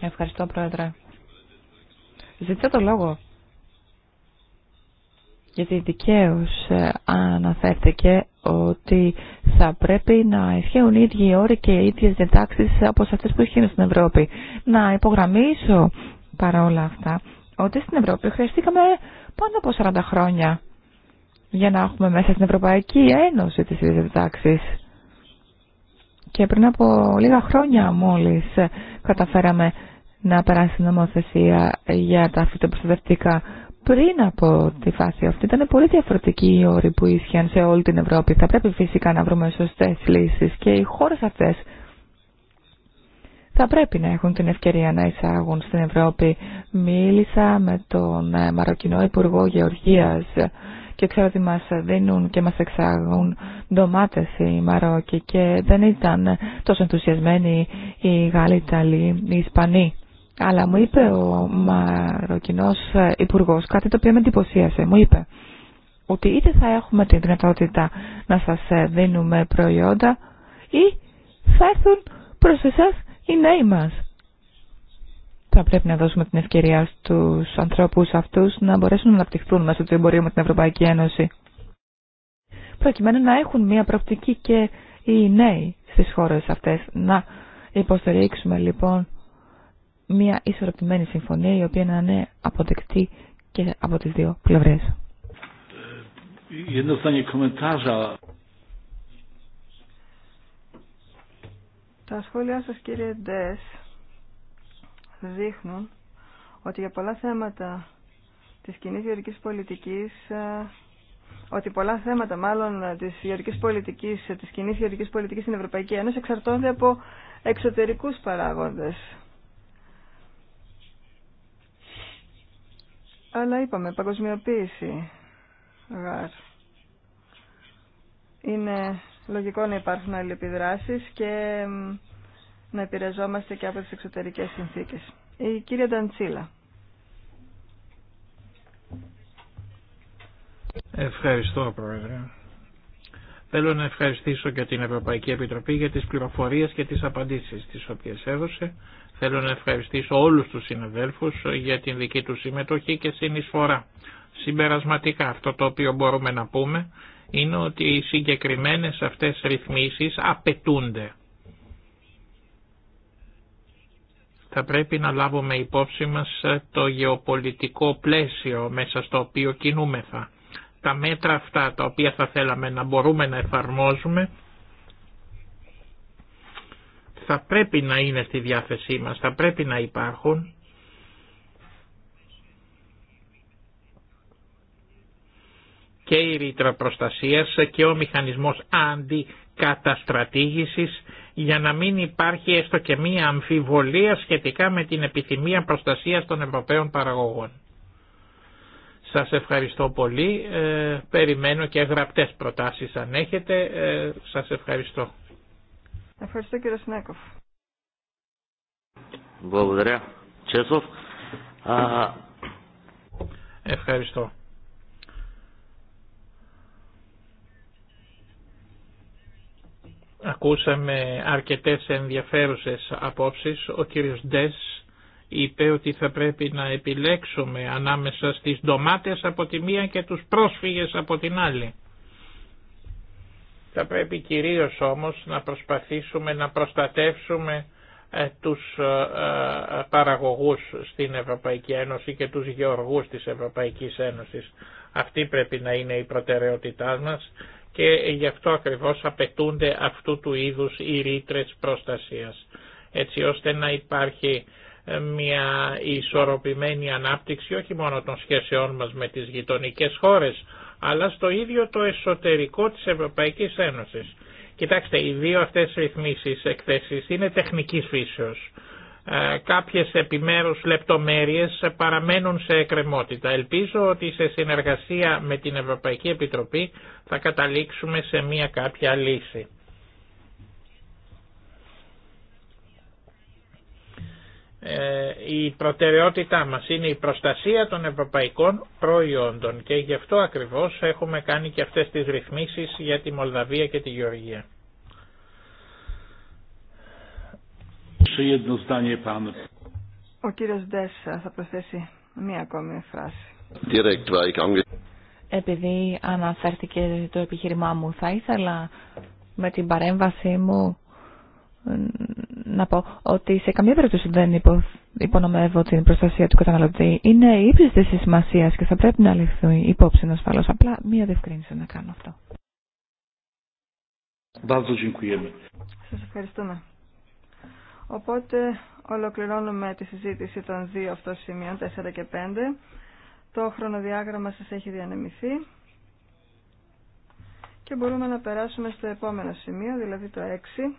Ευχαριστώ, Πρόεδρε. Ζήτησα το λόγο. Γιατί δικαίω ε, αναφέρθηκε ότι θα πρέπει να ισχύουν οι ίδιοι όροι και οι ίδιε διατάξει από αυτέ που ισχύουν στην Ευρώπη. Να υπογραμμίσω παρά όλα αυτά ότι στην Ευρώπη χρειαστήκαμε πάνω από 40 χρόνια για να έχουμε μέσα στην Ευρωπαϊκή Ένωση τις ίδιες και πριν από λίγα χρόνια μόλις καταφέραμε να περάσει νομοθεσία για τα φυτοπροστατευτικά. Πριν από τη φάση αυτή ήταν πολύ διαφορετική η όρη που ίσχυαν σε όλη την Ευρώπη. Θα πρέπει φυσικά να βρούμε σωστές λύσεις και οι χώρες αυτές θα πρέπει να έχουν την ευκαιρία να εισάγουν στην Ευρώπη. Μίλησα με τον ε, Μαροκινό Υπουργό Γεωργίας και ξέρω ότι μας δίνουν και μας εξάγουν ντομάτες οι Μαρόκοι και δεν ήταν τόσο ενθουσιασμένοι οι Γάλλοι, οι Ιταλοί, οι Ισπανοί. Αλλά μου είπε ο Μαροκινός υπουργό κάτι το οποίο με εντυπωσίασε. Μου είπε ότι είτε θα έχουμε τη δυνατότητα να σας δίνουμε προϊόντα ή θα έρθουν προς εσάς οι νέοι μας θα πρέπει να δώσουμε την ευκαιρία στους ανθρώπους αυτούς να μπορέσουν να αναπτυχθούν μέσα του εμπορίου με την Ευρωπαϊκή Ένωση. Προκειμένου να έχουν μια προοπτική και οι νέοι στις χώρες αυτές. Να υποστηρίξουμε λοιπόν μια ισορροπημένη συμφωνία η οποία να είναι αποδεκτή και από τις δύο πλευρές. Τα σχόλιά σας κύριε δείχνουν ότι για πολλά θέματα της κοινή γεωργικής πολιτικής ε, ότι πολλά θέματα μάλλον της πολιτικής, της κοινή πολιτικής στην Ευρωπαϊκή Ένωση εξαρτώνται από εξωτερικούς παράγοντες. Αλλά είπαμε, παγκοσμιοποίηση. Είναι λογικό να υπάρχουν αλληλεπιδράσεις και να επηρεαζόμαστε και από τις εξωτερικές συνθήκες. Η κυρία Νταντσίλα. Ευχαριστώ, Πρόεδρε. Θέλω να ευχαριστήσω και την Ευρωπαϊκή Επιτροπή για τις πληροφορίες και τις απαντήσεις τις οποίες έδωσε. Θέλω να ευχαριστήσω όλους τους συναδέλφους για την δική τους συμμετοχή και συνεισφορά. Συμπερασματικά αυτό το οποίο μπορούμε να πούμε είναι ότι οι συγκεκριμένες αυτές ρυθμίσεις απαιτούνται θα πρέπει να λάβουμε υπόψη μας ε, το γεωπολιτικό πλαίσιο μέσα στο οποίο κινούμεθα. Τα μέτρα αυτά τα οποία θα θέλαμε να μπορούμε να εφαρμόζουμε θα πρέπει να είναι στη διάθεσή μας, θα πρέπει να υπάρχουν και η ρήτρα προστασίας και ο μηχανισμός αντικαταστρατήγησης για να μην υπάρχει έστω και μία αμφιβολία σχετικά με την επιθυμία προστασίας των Ευρωπαίων παραγωγών. Σας ευχαριστώ πολύ. Ε, περιμένω και γραπτές προτάσεις αν έχετε. Ε, σας ευχαριστώ. Ευχαριστώ κύριε Σνέκοφ. Ευχαριστώ. Ευχαριστώ. Ακούσαμε αρκετές ενδιαφέρουσες απόψεις. Ο κύριος Ντες είπε ότι θα πρέπει να επιλέξουμε ανάμεσα στις ντομάτες από τη μία και τους πρόσφυγες από την άλλη. Θα πρέπει κυρίως όμως να προσπαθήσουμε να προστατεύσουμε ε, τους ε, ε, παραγωγούς στην Ευρωπαϊκή Ένωση και τους γεωργούς της Ευρωπαϊκής Ένωσης. Αυτή πρέπει να είναι η προτεραιότητά μας και γι' αυτό ακριβώς απαιτούνται αυτού του είδους οι ρήτρε προστασίας, έτσι ώστε να υπάρχει ε, μια ισορροπημένη ανάπτυξη όχι μόνο των σχέσεών μας με τις γειτονικές χώρες, αλλά στο ίδιο το εσωτερικό της Ευρωπαϊκής Ένωσης. Κοιτάξτε, οι δύο αυτές ρυθμίσεις εκθέσεις είναι τεχνικής φύσεως. Ε, κάποιες επιμέρους λεπτομέρειες παραμένουν σε εκκρεμότητα. Ελπίζω ότι σε συνεργασία με την Ευρωπαϊκή Επιτροπή θα καταλήξουμε σε μία κάποια λύση. Ε, η προτεραιότητά μας είναι η προστασία των ευρωπαϊκών προϊόντων και γι' αυτό ακριβώς έχουμε κάνει και αυτές τις ρυθμίσεις για τη Μολδαβία και τη Γεωργία. Ο κύριος Ντέσσα θα προσθέσει μία ακόμη φράση. Επειδή αναφέρθηκε το επιχείρημά μου, θα ήθελα με την παρέμβασή μου ε, να πω ότι σε καμία περίπτωση δεν υπονομεύω την προστασία του καταναλωτή. Είναι ύψη τη σημασία και θα πρέπει να ληφθεί υπόψη ασφαλώ. Απλά μία διευκρίνηση να κάνω αυτό. Σα ευχαριστούμε. Οπότε ολοκληρώνουμε τη συζήτηση των δύο αυτών σημείων, 4 και 5. Το χρονοδιάγραμμα σας έχει διανεμηθεί. Και μπορούμε να περάσουμε στο επόμενο σημείο, δηλαδή το 6,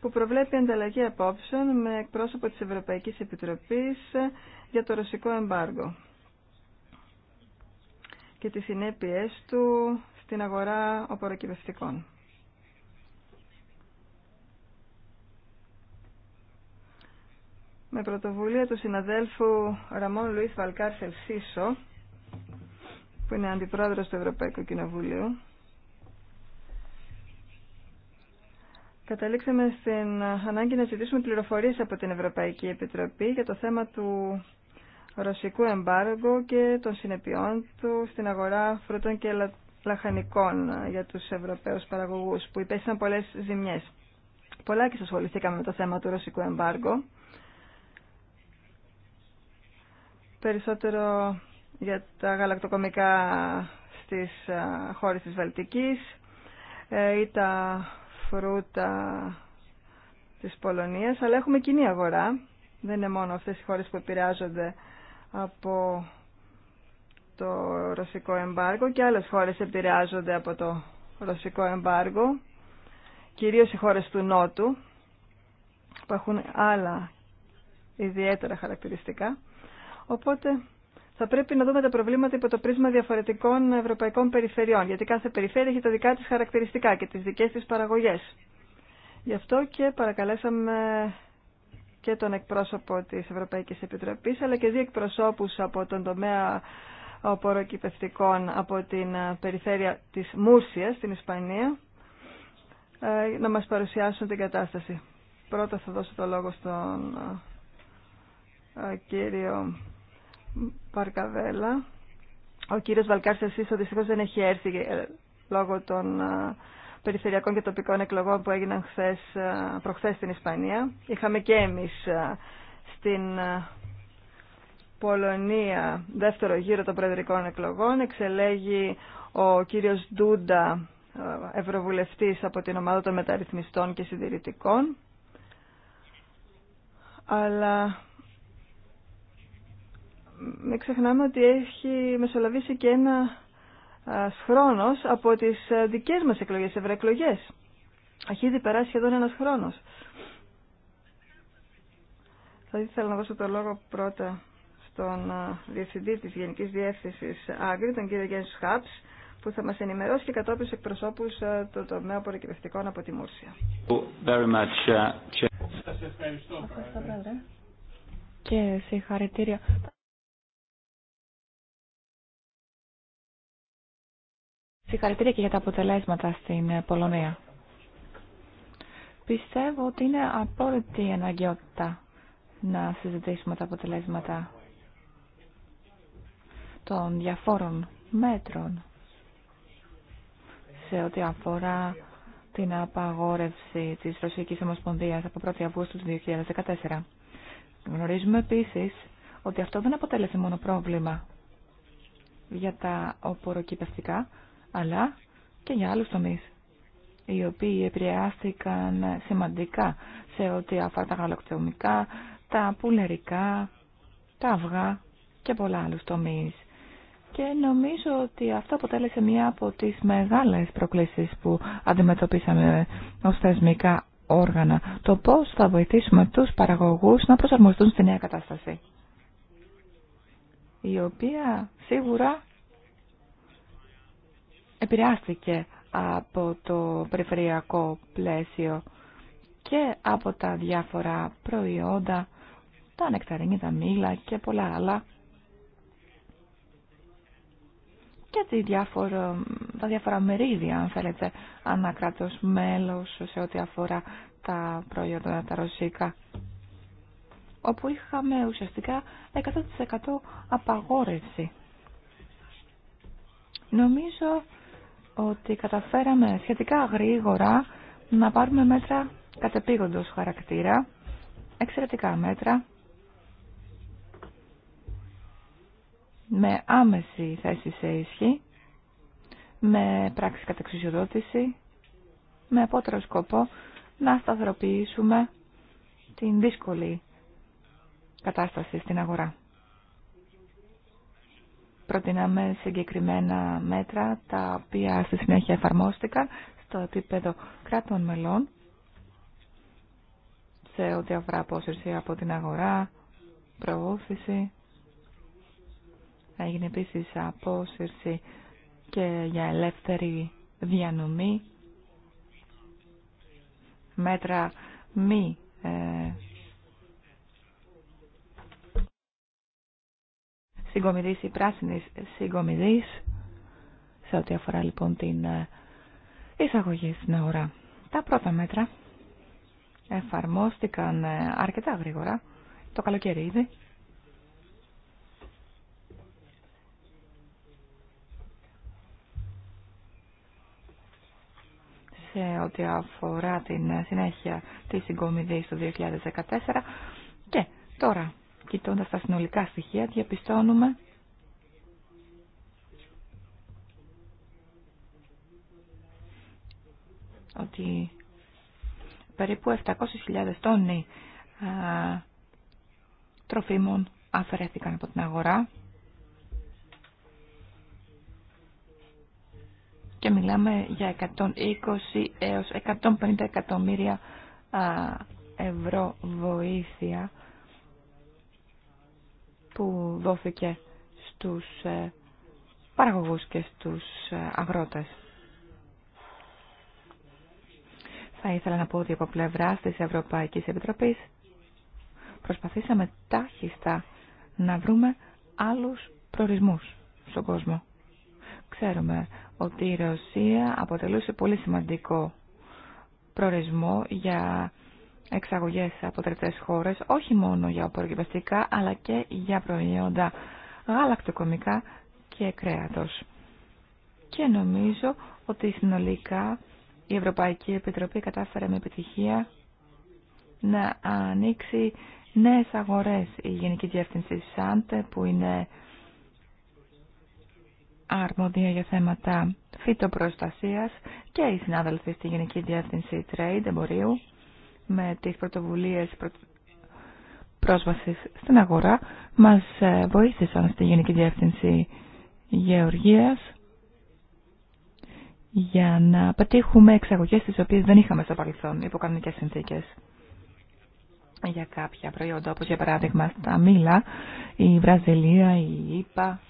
που προβλέπει ανταλλαγή απόψεων με εκπρόσωπο της Ευρωπαϊκής Επιτροπής για το ρωσικό εμπάργο και τις συνέπειες του στην αγορά οποροκυπευτικών. με πρωτοβουλία του συναδέλφου Ραμόν Λουίς Βαλκάρσελ Σίσο, που είναι αντιπρόεδρος του Ευρωπαϊκού Κοινοβουλίου, Καταλήξαμε στην ανάγκη να ζητήσουμε πληροφορίες από την Ευρωπαϊκή Επιτροπή για το θέμα του ρωσικού εμπάργου και των συνεπειών του στην αγορά φρούτων και λαχανικών για τους Ευρωπαίους παραγωγούς που υπέστησαν πολλές ζημιές. Πολλά και ασχοληθήκαμε με το θέμα του ρωσικού εμπάργου περισσότερο για τα γαλακτοκομικά στις χώρες της Βαλτικής ε, ή τα φρούτα της Πολωνίας, αλλά έχουμε κοινή αγορά. Δεν είναι μόνο αυτές οι χώρες που επηρεάζονται από το ρωσικό εμπάργο και άλλες χώρες επηρεάζονται από το ρωσικό εμπάργο, κυρίως οι χώρες του Νότου, που έχουν άλλα ιδιαίτερα χαρακτηριστικά. Οπότε θα πρέπει να δούμε τα προβλήματα υπό το πρίσμα διαφορετικών ευρωπαϊκών περιφερειών, γιατί κάθε περιφέρεια έχει τα δικά της χαρακτηριστικά και τις δικές της παραγωγές. Γι' αυτό και παρακαλέσαμε και τον εκπρόσωπο της Ευρωπαϊκής Επιτροπής, αλλά και δύο εκπροσώπους από τον τομέα οποροκυπευτικών από την περιφέρεια της Μούρσιας στην Ισπανία, ε, να μας παρουσιάσουν την κατάσταση. Πρώτα θα δώσω το λόγο στον ε, κύριο Παρκαβέλα. Ο κύριο Βαλκάρσης ο δυστυχώ δεν έχει έρθει ε, λόγω των ε, περιφερειακών και τοπικών εκλογών που έγιναν ε, προχθέ στην Ισπανία. Είχαμε και εμεί στην Πολωνία δεύτερο γύρο των προεδρικών εκλογών. Εξελέγει ο κύριο Ντούντα, ευρωβουλευτή από την ομάδα των μεταρρυθμιστών και συντηρητικών. Αλλά μην ξεχνάμε ότι έχει μεσολαβήσει και ένα χρόνο από τις ε, δικέ μα εκλογέ ευρωεκλογέ. Έχει ήδη περάσει σχεδόν ένας χρόνος. Θα ήθελα να δώσω το λόγο πρώτα στον Διευθυντή της Γενικής Διεύθυνσης Άγκρη, τον κύριο Γιάννη Σχάπς, που θα μας ενημερώσει και κατόπιν εκπροσώπους το τομέα απορροκυπευτικών από τη Μούρσια. Uh, ευχαριστώ, Και συγχαρητήρια. Συγχαρητήρια και για τα αποτελέσματα στην ε, Πολωνία. Πιστεύω ότι είναι απόλυτη αναγκαιότητα να συζητήσουμε τα αποτελέσματα των διαφόρων μέτρων σε ό,τι αφορά την απαγόρευση της Ρωσικής Ομοσπονδίας από 1η Αυγούστου του 2014. Γνωρίζουμε επίσης ότι αυτό δεν αποτέλεσε μόνο πρόβλημα για τα οποροκυπευτικά, αλλά και για άλλους τομείς οι οποίοι επηρεάστηκαν σημαντικά σε ό,τι αφορά τα γαλοκτομικά, τα πουλερικά, τα αυγά και πολλά άλλους τομείς. Και νομίζω ότι αυτό αποτέλεσε μία από τις μεγάλες προκλήσεις που αντιμετωπίσαμε ως θεσμικά όργανα. Το πώς θα βοηθήσουμε τους παραγωγούς να προσαρμοστούν στη νέα κατάσταση. Η οποία σίγουρα επηρεάστηκε από το περιφερειακό πλαίσιο και από τα διάφορα προϊόντα, τα ανεκταρίνη, τα μήλα και πολλά άλλα και τη διάφορο, τα διάφορα μερίδια, αν θέλετε, ανακράτως μέλος σε ό,τι αφορά τα προϊόντα τα ρωσίκα όπου είχαμε ουσιαστικά 100% απαγόρευση. Νομίζω ότι καταφέραμε σχετικά γρήγορα να πάρουμε μέτρα κατεπήγοντος χαρακτήρα, εξαιρετικά μέτρα, με άμεση θέση σε ίσχυ, με πράξη κατεξουσιοδότηση, με απότερο σκοπό να σταθεροποιήσουμε την δύσκολη κατάσταση στην αγορά προτείναμε συγκεκριμένα μέτρα τα οποία στη συνέχεια εφαρμόστηκαν στο επίπεδο κράτων μελών σε ό,τι αφορά απόσυρση από την αγορά, προώθηση. Έγινε επίσης απόσυρση και για ελεύθερη διανομή. Μέτρα μη ε, συγκομιδής ή πράσινης συγκομιδής σε ό,τι αφορά λοιπόν την ε, εισαγωγή στην αγορά. Τα πρώτα μέτρα εφαρμόστηκαν ε, αρκετά γρήγορα το καλοκαίρι ήδη. σε ό,τι αφορά την συνέχεια της συγκομιδής το 2014 και τώρα κοιτώντας τα συνολικά στοιχεία, διαπιστώνουμε ότι περίπου 700.000 τόνοι τροφίμων αφαιρέθηκαν από την αγορά και μιλάμε για 120 έως 150 εκατομμύρια ευρώ βοήθεια που δόθηκε στους ε, παραγωγούς και στους ε, αγρότες. Θα ήθελα να πω ότι από πλευρά τη Ευρωπαϊκή Επιτροπή προσπαθήσαμε τάχιστα να βρούμε άλλους προορισμούς στον κόσμο. Ξέρουμε ότι η Ρωσία αποτελούσε πολύ σημαντικό προορισμό για εξαγωγές από τρετές χώρες, όχι μόνο για απορριπευτικά, αλλά και για προϊόντα γαλακτοκομικά και κρέατος. Και νομίζω ότι συνολικά η Ευρωπαϊκή Επιτροπή κατάφερε με επιτυχία να ανοίξει νέες αγορές η Γενική Διεύθυνση ΣΑΝΤΕ που είναι αρμοδία για θέματα φυτοπροστασίας και οι συνάδελφοι στη Γενική Διεύθυνση Trade Εμπορίου με τις πρωτοβουλίες πρόσβασης στην αγορά μας ε, βοήθησαν στη Γενική Διεύθυνση Γεωργίας για να πετύχουμε εξαγωγές τις οποίες δεν είχαμε στο παρελθόν υπό κανονικές συνθήκες. Για κάποια προϊόντα, όπως για παράδειγμα στα μήλα, η Βραζιλία, η ΙΠΑ,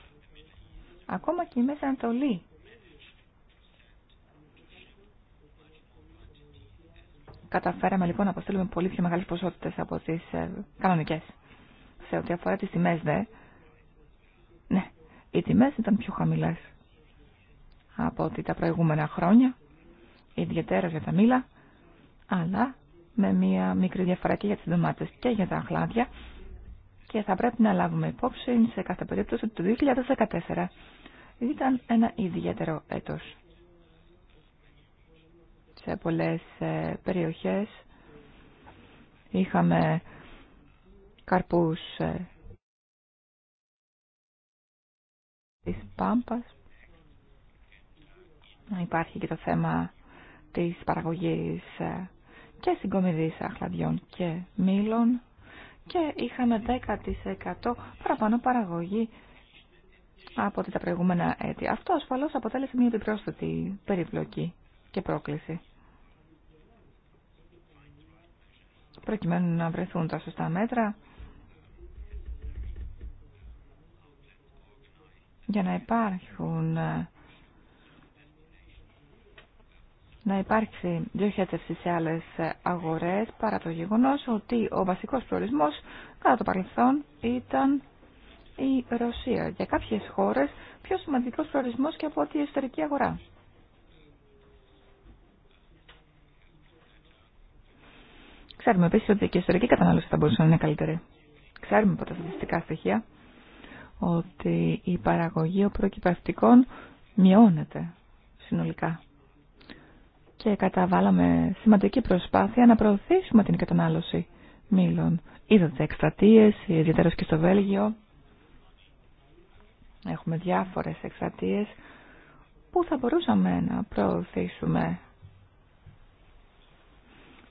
ακόμα και η Μέσα Ανατολή Καταφέραμε λοιπόν να αποστείλουμε πολύ πιο μεγάλε ποσότητε από τις ε, κανονικέ. Σε ό,τι αφορά τις τιμέ, δε, ναι, οι τιμέ ήταν πιο χαμηλέ από ότι τα προηγούμενα χρόνια, ιδιαίτερα για τα μήλα, αλλά με μία μικρή διαφορά και για τι ντομάτε και για τα αχλάδια και θα πρέπει να λάβουμε υπόψη σε κάθε περίπτωση ότι το 2014 ήταν ένα ιδιαίτερο έτος σε πολλές ε, περιοχές. Είχαμε καρπούς ε, της Πάμπας. Υπάρχει και το θέμα της παραγωγής ε, και συγκομιδής αχλαδιών και μήλων και είχαμε 10% παραπάνω παραγωγή από τα προηγούμενα έτη. Αυτό ασφαλώς αποτέλεσε μια επιπρόσθετη περιπλοκή και πρόκληση. προκειμένου να βρεθούν τα σωστά μέτρα για να υπάρχουν να υπάρξει διοχέτευση σε άλλες αγορές παρά το γεγονός ότι ο βασικός προορισμός κατά το παρελθόν ήταν η Ρωσία. Για κάποιες χώρες πιο σημαντικός προορισμός και από ότι η εσωτερική αγορά. Ξέρουμε επίση ότι και η ιστορική κατανάλωση θα μπορούσε να είναι καλύτερη. Ξέρουμε από τα στατιστικά στοιχεία ότι η παραγωγή οπροκυπευτικών μειώνεται συνολικά. Και καταβάλαμε σημαντική προσπάθεια να προωθήσουμε την κατανάλωση μήλων. Είδατε εκστρατείε, ιδιαίτερα και στο Βέλγιο. Έχουμε διάφορες εκστρατείε που θα μπορούσαμε να προωθήσουμε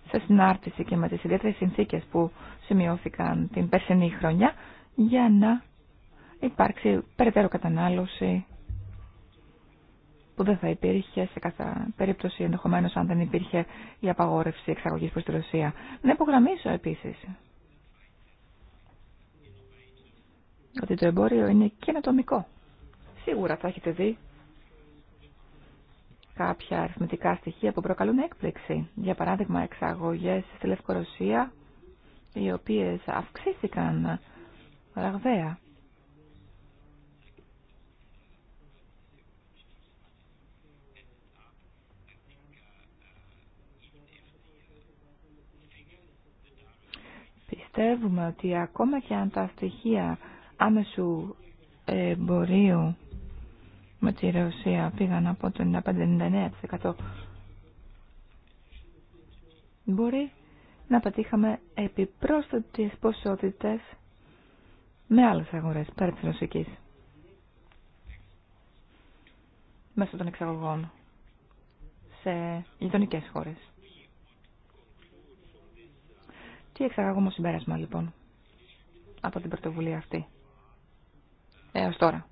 σε συνάρτηση και με τις ιδιαίτερες συνθήκες που σημειώθηκαν την περσινή χρονιά για να υπάρξει περαιτέρω κατανάλωση που δεν θα υπήρχε σε κάθε περίπτωση ενδεχομένω αν δεν υπήρχε η απαγόρευση εξαγωγής προς τη Ρωσία. Να υπογραμμίσω επίσης ότι το εμπόριο είναι καινοτομικό. Σίγουρα θα έχετε δει κάποια αριθμητικά στοιχεία που προκαλούν έκπληξη. Για παράδειγμα, εξαγωγές στη Λευκορωσία, οι οποίες αυξήθηκαν ραγδαία. Πιστεύουμε ότι ακόμα και αν τα στοιχεία άμεσου εμπορίου με τη Ρωσία πήγαν από το 95-99%. Μπορεί να πετύχαμε επιπρόσθετες ποσότητες με άλλες αγορές πέρα της Ρωσικής. Μέσω των εξαγωγών σε γειτονικέ χώρες. Τι εξαγωγούμε συμπέρασμα λοιπόν από την πρωτοβουλία αυτή έως τώρα.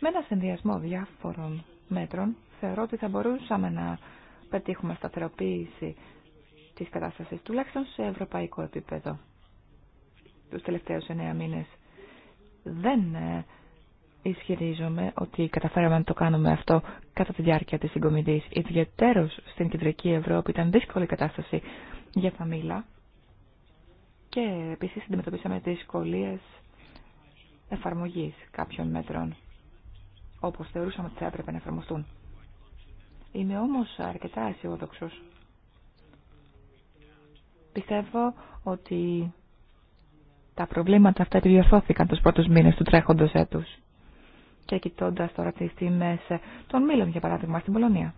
Με ένα συνδυασμό διάφορων μέτρων θεωρώ ότι θα μπορούσαμε να πετύχουμε σταθεροποίηση της κατάστασης τουλάχιστον σε ευρωπαϊκό επίπεδο τους τελευταίους εννέα μήνες. Δεν ε, ισχυρίζομαι ότι καταφέραμε να το κάνουμε αυτό κατά τη διάρκεια της συγκομιδής. Ιδιαιτέρως στην Κεντρική Ευρώπη ήταν δύσκολη κατάσταση για φαμίλα και επίσης αντιμετωπίσαμε δυσκολίες εφαρμογής κάποιων μέτρων όπως θεωρούσαμε ότι θα έπρεπε να εφαρμοστούν. Είμαι όμως αρκετά αισιόδοξο. Πιστεύω ότι τα προβλήματα αυτά επιδιορθώθηκαν τους πρώτους μήνες του τρέχοντος έτους. Και κοιτώντα τώρα τις τιμές των μήλων, για παράδειγμα, στην Πολωνία,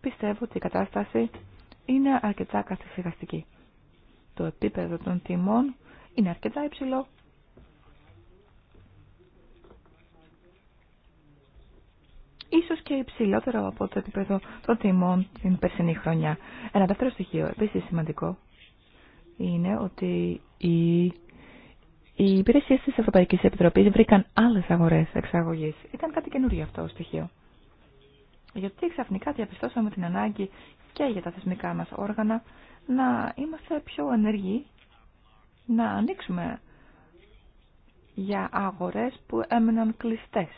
πιστεύω ότι η κατάσταση είναι αρκετά καθυσυχαστική. Το επίπεδο των τιμών είναι αρκετά υψηλό ίσως και υψηλότερο από το επίπεδο των τιμών την περσινή χρονιά. Ένα δεύτερο στοιχείο, επίσης σημαντικό, είναι ότι οι, οι υπηρεσίες της Ευρωπαϊκής Επιτροπής βρήκαν άλλες αγορές εξαγωγής. Ήταν κάτι καινούριο αυτό το στοιχείο. Γιατί ξαφνικά διαπιστώσαμε την ανάγκη και για τα θεσμικά μας όργανα να είμαστε πιο ενεργοί, να ανοίξουμε για αγορές που έμειναν κλειστές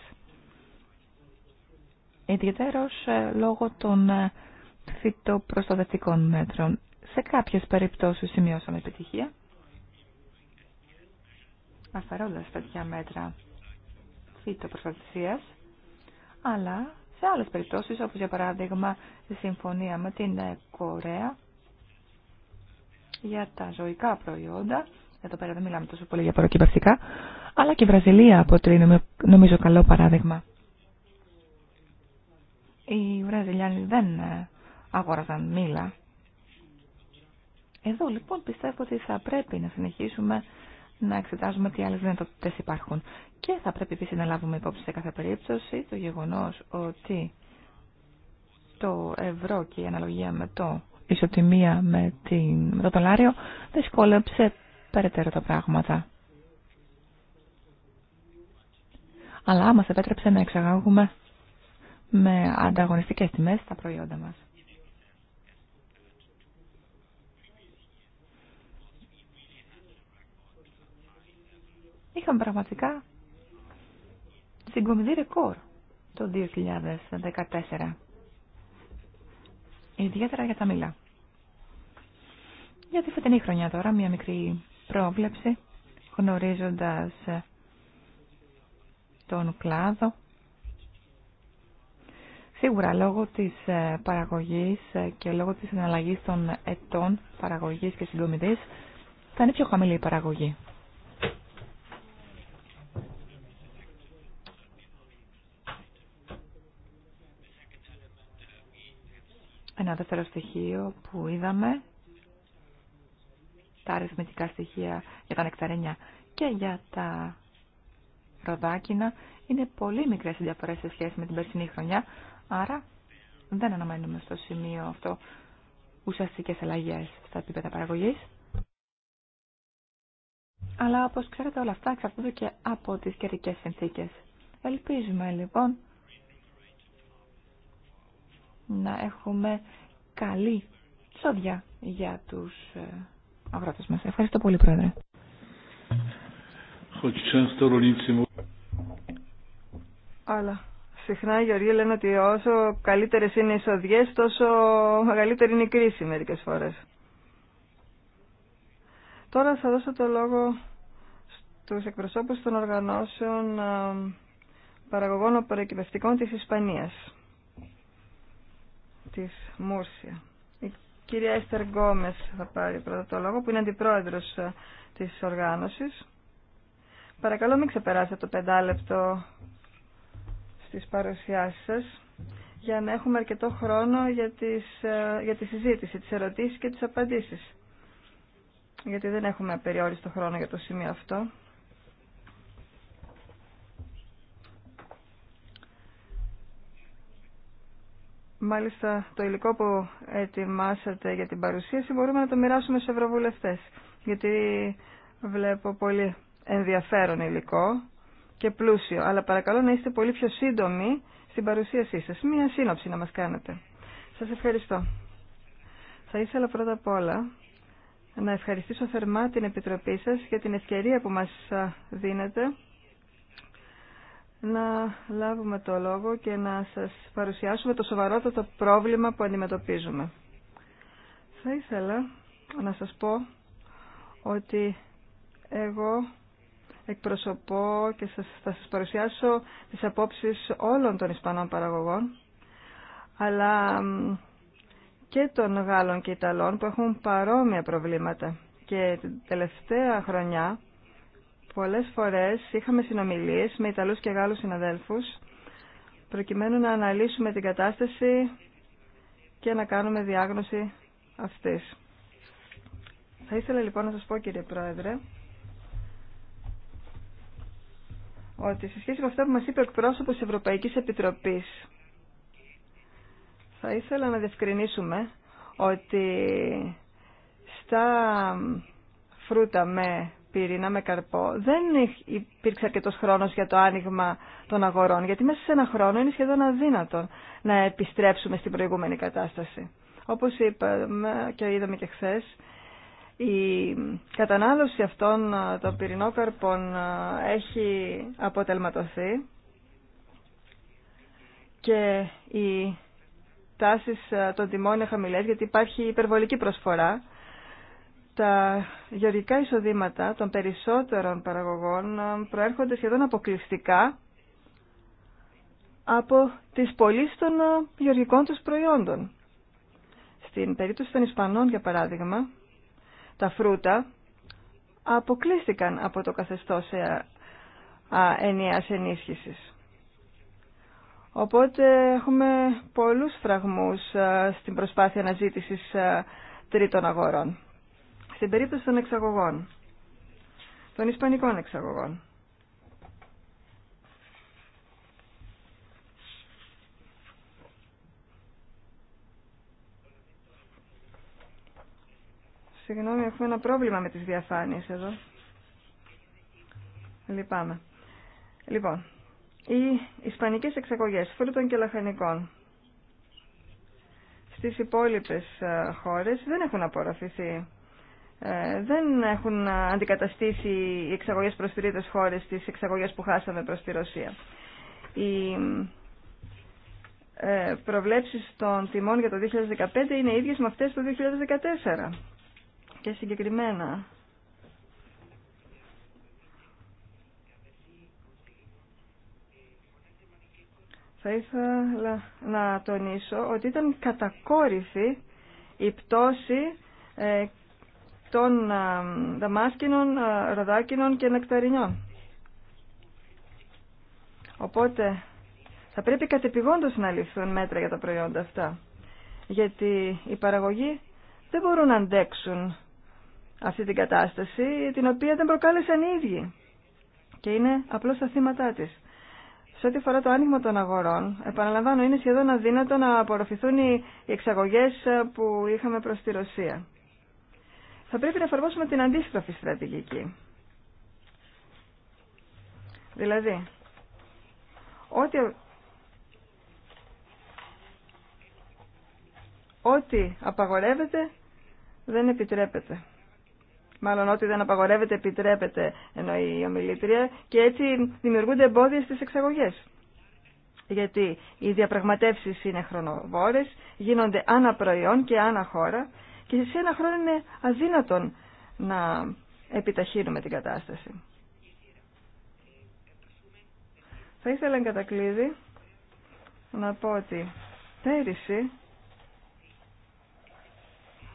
ιδιαίτερος ε, λόγω των ε, φυτοπροστατευτικών μέτρων. Σε κάποιες περιπτώσεις σημειώσαμε επιτυχία, αφαιρώντας τέτοια μέτρα φυτοπροστατευσίας, αλλά σε άλλες περιπτώσεις, όπως για παράδειγμα η συμφωνία με την ε, Κορέα για τα ζωικά προϊόντα, εδώ πέρα δεν μιλάμε τόσο πολύ για προκυπαστικά, αλλά και η Βραζιλία αποτελεί νομίζω καλό παράδειγμα οι Βραζιλιάνοι δεν ε, αγόραζαν μήλα. Εδώ λοιπόν πιστεύω ότι θα πρέπει να συνεχίσουμε να εξετάζουμε τι άλλες δυνατότητε υπάρχουν. Και θα πρέπει επίσης να λάβουμε υπόψη σε κάθε περίπτωση το γεγονός ότι το ευρώ και η αναλογία με το ισοτιμία με, την, με το δολάριο δυσκόλεψε περαιτέρω τα πράγματα. Αλλά μας επέτρεψε να εξαγάγουμε με ανταγωνιστικές τιμές στα προϊόντα μας. Είχαμε πραγματικά συγκομιδή ρεκόρ το 2014. Ιδιαίτερα για τα μήλα. Για τη φετινή χρονιά τώρα, μια μικρή πρόβλεψη, γνωρίζοντας τον κλάδο Σίγουρα λόγω της ε, παραγωγής ε, και λόγω της εναλλαγής των ετών παραγωγής και συγκομιδής θα είναι πιο χαμηλή η παραγωγή. Ένα δεύτερο στοιχείο που είδαμε, τα αριθμητικά στοιχεία για τα νεκταρίνια και για τα ροδάκινα, είναι πολύ μικρές οι διαφορές σε σχέση με την περσινή χρονιά, Άρα δεν αναμένουμε στο σημείο αυτό ουσιαστικές αλλαγές στα επίπεδα παραγωγής. Αλλά όπως ξέρετε όλα αυτά εξαρτούνται και από τις καιρικέ συνθήκες. Ελπίζουμε λοιπόν να έχουμε καλή σόδια για τους ε, αγρότες μας. Ευχαριστώ πολύ Πρόεδρε. Αλλά Συχνά οι γεωργοί λένε ότι όσο καλύτερε είναι οι εισοδιέ, τόσο μεγαλύτερη είναι η κρίση μερικές φορές. Τώρα θα δώσω το λόγο στους εκπροσώπους των οργανώσεων ε, παραγωγών απορροκυπευτικών της Ισπανίας, της Μούρσια. Η κυρία Έστερ Γκόμες θα πάρει πρώτα το λόγο, που είναι αντιπρόεδρος ε, της οργάνωσης. Παρακαλώ μην ξεπεράσετε το πεντάλεπτο στις παρουσιάσεις σας για να έχουμε αρκετό χρόνο για, τις, ε, για τη συζήτηση, τις ερωτήσεις και τις απαντήσεις. Γιατί δεν έχουμε περιόριστο χρόνο για το σημείο αυτό. Μάλιστα το υλικό που ετοιμάσατε για την παρουσίαση μπορούμε να το μοιράσουμε σε ευρωβουλευτές. Γιατί βλέπω πολύ ενδιαφέρον υλικό και πλούσιο. Αλλά παρακαλώ να είστε πολύ πιο σύντομοι στην παρουσίασή σας. Μία σύνοψη να μας κάνετε. Σας ευχαριστώ. Θα ήθελα πρώτα απ' όλα να ευχαριστήσω θερμά την Επιτροπή σας για την ευκαιρία που μας δίνετε να λάβουμε το λόγο και να σας παρουσιάσουμε το σοβαρότατο πρόβλημα που αντιμετωπίζουμε. Θα ήθελα να σας πω ότι εγώ εκπροσωπώ και θα σας παρουσιάσω τις απόψεις όλων των Ισπανών παραγωγών, αλλά και των Γάλλων και Ιταλών που έχουν παρόμοια προβλήματα. Και την τελευταία χρονιά πολλές φορές είχαμε συνομιλίες με Ιταλούς και Γάλλους συναδέλφους προκειμένου να αναλύσουμε την κατάσταση και να κάνουμε διάγνωση αυτής. Θα ήθελα λοιπόν να σας πω κύριε Πρόεδρε ότι σε σχέση με αυτά που μας είπε ο εκπρόσωπος της Ευρωπαϊκής Επιτροπής θα ήθελα να διευκρινίσουμε ότι στα φρούτα με πυρήνα, με καρπό, δεν υπήρξε αρκετός χρόνος για το άνοιγμα των αγορών, γιατί μέσα σε ένα χρόνο είναι σχεδόν αδύνατο να επιστρέψουμε στην προηγούμενη κατάσταση. Όπως είπαμε και είδαμε και χθε, η κατανάλωση αυτών ε, των πυρηνόκαρπων ε, έχει αποτελματωθεί και οι τάσεις ε, των τιμών είναι χαμηλές γιατί υπάρχει υπερβολική προσφορά. Τα γεωργικά εισοδήματα των περισσότερων παραγωγών προέρχονται σχεδόν αποκλειστικά από τις πωλήσει των γεωργικών τους προϊόντων. Στην περίπτωση των Ισπανών, για παράδειγμα, τα φρούτα αποκλείστηκαν από το καθεστώς ε, ενιαίας ενίσχυσης. Οπότε έχουμε πολλούς φραγμούς στην προσπάθεια αναζήτησης τρίτων αγορών. Στην περίπτωση των εξαγωγών, των ισπανικών εξαγωγών, Συγγνώμη, έχουμε ένα πρόβλημα με τις διαφάνειες εδώ. Λυπάμαι. Λοιπόν, οι ισπανικές εξαγωγές φρούτων και λαχανικών στις υπόλοιπες ε, χώρες δεν έχουν απορροφηθεί. Ε, δεν έχουν ε, αντικαταστήσει οι εξαγωγές προς τρίτες χώρες τις εξαγωγές που χάσαμε προς τη Ρωσία. Οι προβλέψεις των τιμών για το 2015 είναι ίδιες με αυτές του 2014 και συγκεκριμένα. Θα ήθελα να τονίσω ότι ήταν κατακόρυφη η πτώση ε, των ε, δαμάσκινων, ε, ροδάκινων και νεκταρινιών. Οπότε θα πρέπει κατεπηγόντως να ληφθούν μέτρα για τα προϊόντα αυτά. Γιατί οι παραγωγοί δεν μπορούν να αντέξουν αυτή την κατάσταση, την οποία δεν προκάλεσαν οι ίδιοι και είναι απλώς τα θύματα της. Σε ό,τι αφορά το άνοιγμα των αγορών, επαναλαμβάνω, είναι σχεδόν αδύνατο να απορροφηθούν οι εξαγωγές ε, που είχαμε προς τη Ρωσία. Θα πρέπει να εφαρμόσουμε την αντίστροφη στρατηγική. Δηλαδή, ό,τι ό,τι απαγορεύεται δεν επιτρέπεται μάλλον ό,τι δεν απαγορεύεται επιτρέπεται, εννοεί η ομιλήτρια, και έτσι δημιουργούνται εμπόδια στις εξαγωγές. Γιατί οι διαπραγματεύσεις είναι χρονοβόρες, γίνονται ανά προϊόν και ανά χώρα και σε ένα χρόνο είναι αδύνατον να επιταχύνουμε την κατάσταση. Θα ήθελα να να πω ότι πέρυσι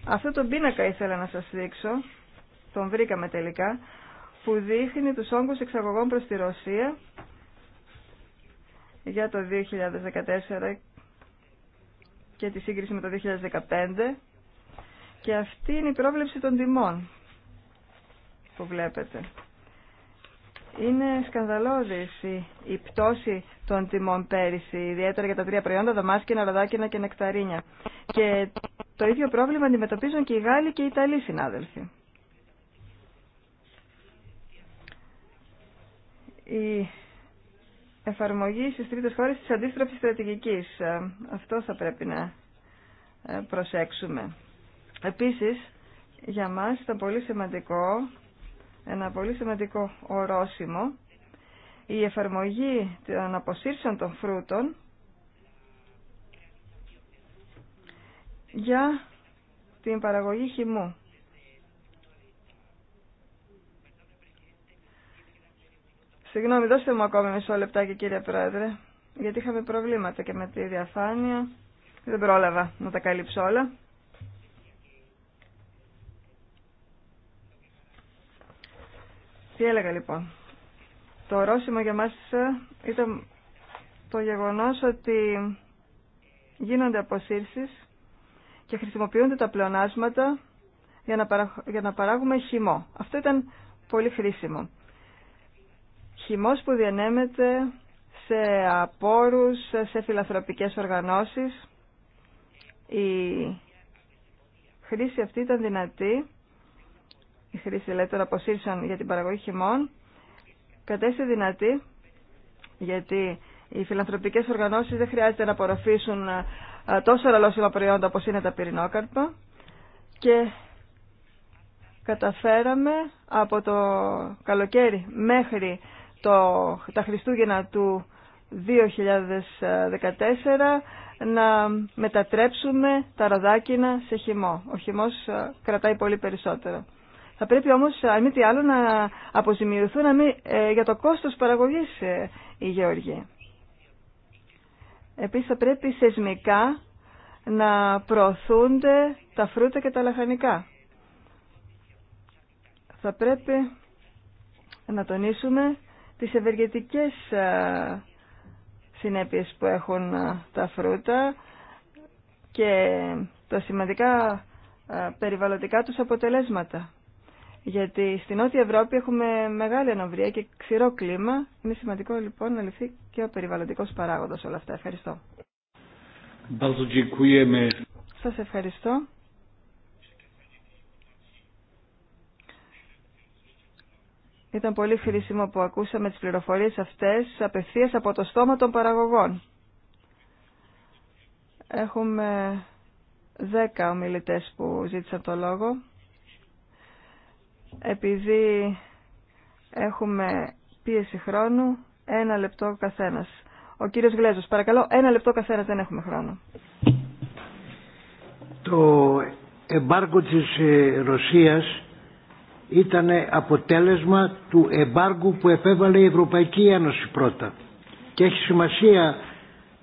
αυτό το πίνακα ήθελα να σας δείξω τον βρήκαμε τελικά, που δείχνει τους όγκους εξαγωγών προς τη Ρωσία για το 2014 και τη σύγκριση με το 2015 και αυτή είναι η πρόβλεψη των τιμών που βλέπετε. Είναι σκανδαλώδης η, πτώση των τιμών πέρυσι, ιδιαίτερα για τα τρία προϊόντα, δαμάσκηνα, ροδάκινα και νεκταρίνια. Και το ίδιο πρόβλημα αντιμετωπίζουν και οι Γάλλοι και οι Ιταλοί συνάδελφοι. η εφαρμογή στις τρίτες χώρες της αντίστροφης στρατηγικής. Ε, αυτό θα πρέπει να ε, προσέξουμε. Επίσης, για μας ήταν πολύ σημαντικό, ένα πολύ σημαντικό ορόσημο, η εφαρμογή των αποσύρσεων των φρούτων για την παραγωγή χυμού. Συγγνώμη, δώστε μου ακόμη μισό λεπτάκι κύριε Πρόεδρε, γιατί είχαμε προβλήματα και με τη διαφάνεια. Δεν πρόλαβα να τα καλύψω όλα. Τι έλεγα λοιπόν. Το ορόσημο για μας ε, ήταν το γεγονός ότι γίνονται αποσύρσεις και χρησιμοποιούνται τα πλεονάσματα για να, παράγουμε χυμό. Αυτό ήταν πολύ χρήσιμο χυμός που διανέμεται σε απόρους, σε φιλαθροπικές οργανώσεις. Η χρήση αυτή ήταν δυνατή, η χρήση λέει δηλαδή, των για την παραγωγή χυμών, κατέστη δυνατή γιατί οι φιλανθρωπικές οργανώσεις δεν χρειάζεται να απορροφήσουν ε, τόσο ρολόσιμα προϊόντα όπως είναι τα πυρηνόκαρπα και καταφέραμε από το καλοκαίρι μέχρι το, τα Χριστούγεννα του 2014 να μετατρέψουμε τα ροδάκινα σε χυμό. Ο χυμός ε, κρατάει πολύ περισσότερο. Θα πρέπει όμως, αν μη τι άλλο, να αποζημιωθούν ε, για το κόστος παραγωγής ε, οι γεωργοί. Επίσης θα πρέπει σεσμικά να προωθούνται τα φρούτα και τα λαχανικά. Θα πρέπει να τονίσουμε τις ευεργετικές ε, συνέπειες που έχουν ε, τα φρούτα και τα σημαντικά ε, περιβαλλοντικά τους αποτελέσματα. Γιατί στην Νότια Ευρώπη έχουμε μεγάλη ανοβρία και ξηρό κλίμα. Είναι σημαντικό λοιπόν να λυθεί και ο περιβαλλοντικός παράγοντας όλα αυτά. Ευχαριστώ. Σας ευχαριστώ. Ήταν πολύ χρήσιμο που ακούσαμε τις πληροφορίες αυτές απευθείας από το στόμα των παραγωγών. Έχουμε δέκα ομιλητές που ζήτησαν το λόγο. Επειδή έχουμε πίεση χρόνου, ένα λεπτό καθένας. Ο κύριος Γλέζος, παρακαλώ, ένα λεπτό καθένας, δεν έχουμε χρόνο. Το εμπάρκο της ε, Ρωσίας ήταν αποτέλεσμα του εμπάργου που επέβαλε η Ευρωπαϊκή Ένωση πρώτα. Και έχει σημασία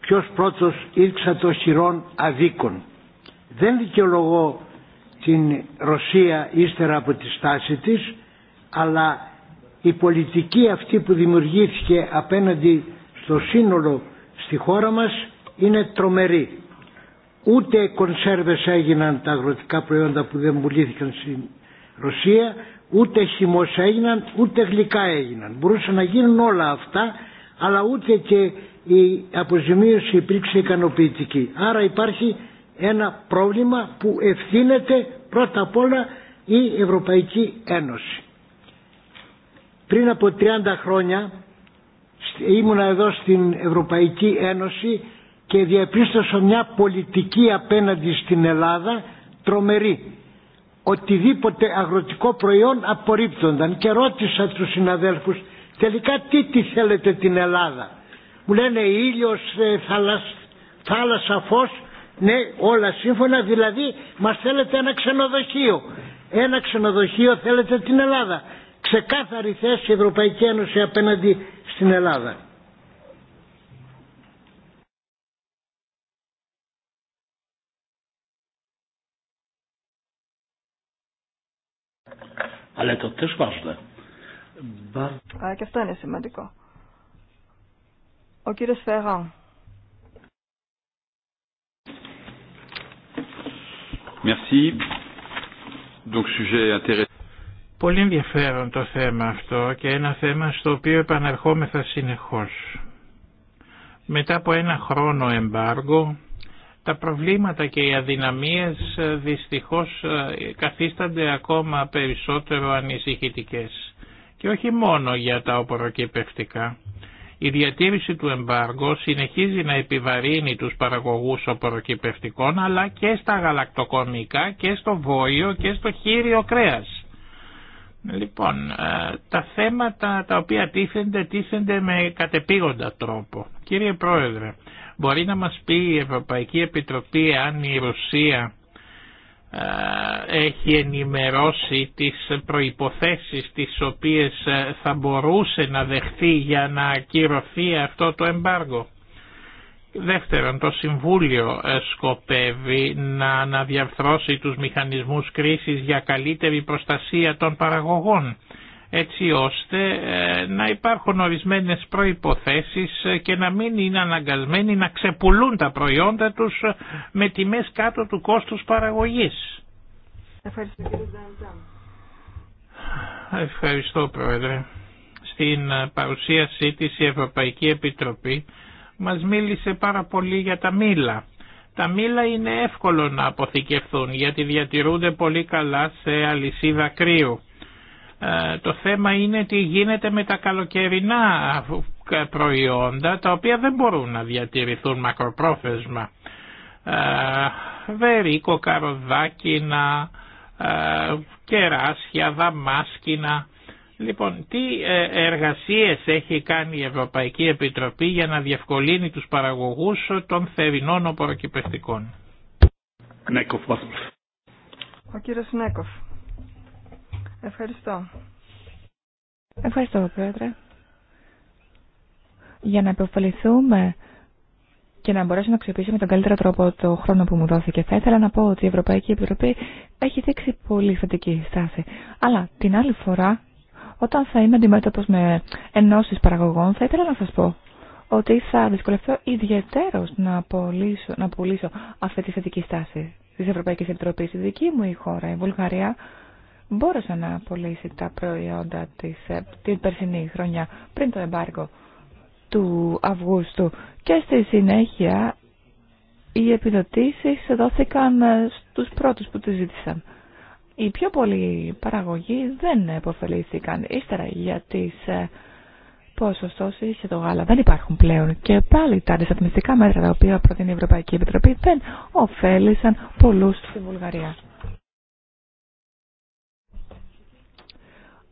ποιος πρώτος ήρξα το χειρών αδίκων. Δεν δικαιολογώ την Ρωσία ύστερα από τη στάση της, αλλά η πολιτική αυτή που δημιουργήθηκε απέναντι στο σύνολο στη χώρα μας είναι τρομερή. Ούτε κονσέρβες έγιναν τα αγροτικά προϊόντα που δεν πουλήθηκαν στην Ρωσία ούτε χυμός έγιναν ούτε γλυκά έγιναν. Μπορούσαν να γίνουν όλα αυτά αλλά ούτε και η αποζημίωση υπήρξε ικανοποιητική. Άρα υπάρχει ένα πρόβλημα που ευθύνεται πρώτα απ' όλα η Ευρωπαϊκή Ένωση. Πριν από 30 χρόνια ήμουνα εδώ στην Ευρωπαϊκή Ένωση και διαπίστωσα μια πολιτική απέναντι στην Ελλάδα τρομερή οτιδήποτε αγροτικό προϊόν απορρίπτονταν και ρώτησα τους συναδέλφους τελικά τι τη θέλετε την Ελλάδα μου λένε ήλιος, ε, θάλασσα, θάλασσα, φως ναι όλα σύμφωνα δηλαδή μας θέλετε ένα ξενοδοχείο ένα ξενοδοχείο θέλετε την Ελλάδα ξεκάθαρη θέση η Ευρωπαϊκή Ένωση απέναντι στην Ελλάδα το Αλλά και αυτό είναι σημαντικό. Ο κύριος Φεράν. Merci. Πολύ ενδιαφέρον το θέμα αυτό και ένα θέμα στο οποίο επαναρχόμεθα συνεχώς. Μετά από ένα χρόνο εμπάργο, τα προβλήματα και οι αδυναμίες ε, δυστυχώς ε, καθίστανται ακόμα περισσότερο ανησυχητικές. Και όχι μόνο για τα οποροκυπευτικά. Η διατήρηση του εμπάργου συνεχίζει να επιβαρύνει τους παραγωγούς οποροκυπευτικών αλλά και στα γαλακτοκομικά και στο βόλιο και στο χείριο κρέας. Λοιπόν, ε, τα θέματα τα οποία τίθενται, τίθενται με κατεπήγοντα τρόπο. Κύριε Πρόεδρε, Μπορεί να μας πει η Ευρωπαϊκή Επιτροπή αν η Ρωσία έχει ενημερώσει τις προϋποθέσεις τις οποίες θα μπορούσε να δεχθεί για να ακυρωθεί αυτό το εμπάργο. Δεύτερον, το Συμβούλιο σκοπεύει να αναδιαρθρώσει τους μηχανισμούς κρίσης για καλύτερη προστασία των παραγωγών έτσι ώστε ε, να υπάρχουν ορισμένες προϋποθέσεις ε, και να μην είναι αναγκασμένοι να ξεπουλούν τα προϊόντα τους ε, με τιμές κάτω του κόστους παραγωγής. Ευχαριστώ Ευχαριστώ Πρόεδρε. Στην παρουσίασή της η Ευρωπαϊκή Επιτροπή μας μίλησε πάρα πολύ για τα μήλα. Τα μήλα είναι εύκολο να αποθηκευθούν γιατί διατηρούνται πολύ καλά σε αλυσίδα κρύου ε, το θέμα είναι τι γίνεται με τα καλοκαιρινά προϊόντα τα οποία δεν μπορούν να διατηρηθούν μακροπρόθεσμα. Ε, Βερίκο, καροδάκινα, ε, κεράσια, δαμάσκινα. Λοιπόν, τι εργασίες έχει κάνει η Ευρωπαϊκή Επιτροπή για να διευκολύνει τους παραγωγούς των θερινών οποροκυπευτικών. Ο κύριος Νέκοφ. Ευχαριστώ. Ευχαριστώ, Πρόεδρε. Για να επωφεληθούμε και να μπορέσουμε να αξιοποιήσουμε τον καλύτερο τρόπο το χρόνο που μου δόθηκε, θα ήθελα να πω ότι η Ευρωπαϊκή Επιτροπή έχει δείξει πολύ θετική στάση. Αλλά την άλλη φορά, όταν θα είμαι αντιμέτωπο με ενώσει παραγωγών, θα ήθελα να σα πω ότι θα δυσκολευτώ ιδιαίτερω να, πουλήσω, να πουλήσω αυτή τη θετική στάση τη Ευρωπαϊκή Επιτροπή. Η δική μου η χώρα, η Βουλγαρία, μπόρεσε να απολύσει τα προϊόντα της, ε, την περσινή χρονιά πριν το εμπάργκο του Αυγούστου και στη συνέχεια οι επιδοτήσεις δόθηκαν ε, στους πρώτους που τις ζήτησαν. Οι πιο πολλοί παραγωγοί δεν επωφελήθηκαν ύστερα για τις ε, ποσοστώσεις και το γάλα. Δεν υπάρχουν πλέον και πάλι τα αντισταθμιστικά μέτρα τα οποία προτείνει η Ευρωπαϊκή Επιτροπή δεν ωφέλησαν πολλούς στη Βουλγαρία.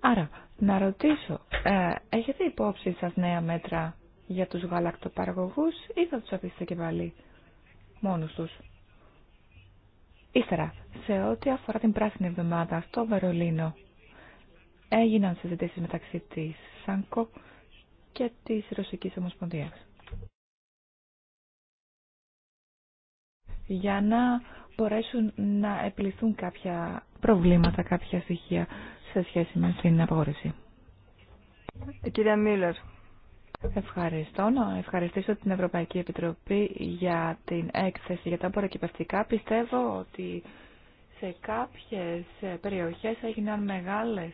Άρα, να ρωτήσω, ε, έχετε υπόψη σας νέα μέτρα για τους γαλακτοπαραγωγούς ή θα τους αφήσετε και πάλι μόνους τους. Ύστερα, σε ό,τι αφορά την πράσινη εβδομάδα στο Βερολίνο, έγιναν συζητήσεις μεταξύ της ΣΑΝΚΟ και της Ρωσικής Ομοσπονδίας. Για να μπορέσουν να επιληθούν κάποια προβλήματα, κάποια στοιχεία σε σχέση με την απόρριση. Κυρία Μίλλερ. Ευχαριστώ. Να ευχαριστήσω την Ευρωπαϊκή Επιτροπή για την έκθεση για τα απορροκυπευτικά. Πιστεύω ότι σε κάποιες περιοχές έγιναν μεγάλες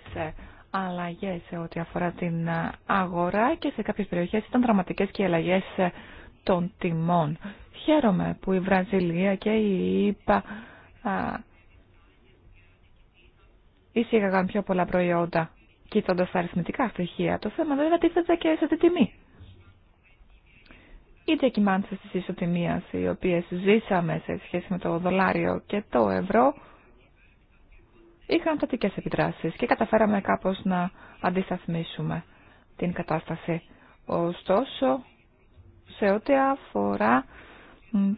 αλλαγές σε ό,τι αφορά την αγορά και σε κάποιες περιοχές ήταν δραματικές και οι αλλαγές των τιμών. Χαίρομαι που η Βραζιλία και η ΙΠΑ ΕΕ, εισήγαγαν πιο πολλά προϊόντα, κοιτώντα τα αριθμητικά στοιχεία. Το θέμα βέβαια τίθεται και σε τι τιμή. Οι διακυμάνσει τη ισοτιμία, οι οποίε ζήσαμε σε σχέση με το δολάριο και το ευρώ, είχαν θετικέ επιδράσει και καταφέραμε κάπω να αντισταθμίσουμε την κατάσταση. Ωστόσο, σε ό,τι αφορά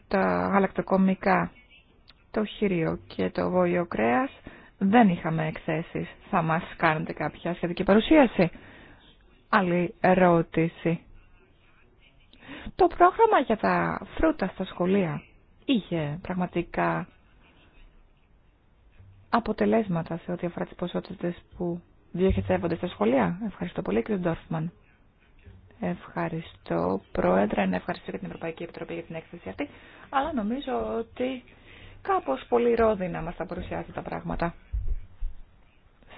τα γαλακτοκομικά, το χειρίο και το βόλιο κρέας, δεν είχαμε εκθέσεις. Θα μας κάνετε κάποια σχετική παρουσίαση. Άλλη ερώτηση. Το πρόγραμμα για τα φρούτα στα σχολεία είχε πραγματικά αποτελέσματα σε ό,τι αφορά τις ποσότητες που διοχετεύονται στα σχολεία. Ευχαριστώ πολύ, κύριε Ντόρφμαν. Ευχαριστώ, Πρόεδρε, ευχαριστώ και την Ευρωπαϊκή Επιτροπή για την έκθεση αυτή, αλλά νομίζω ότι κάπως πολύ ρόδινα μας θα παρουσιάζει τα πράγματα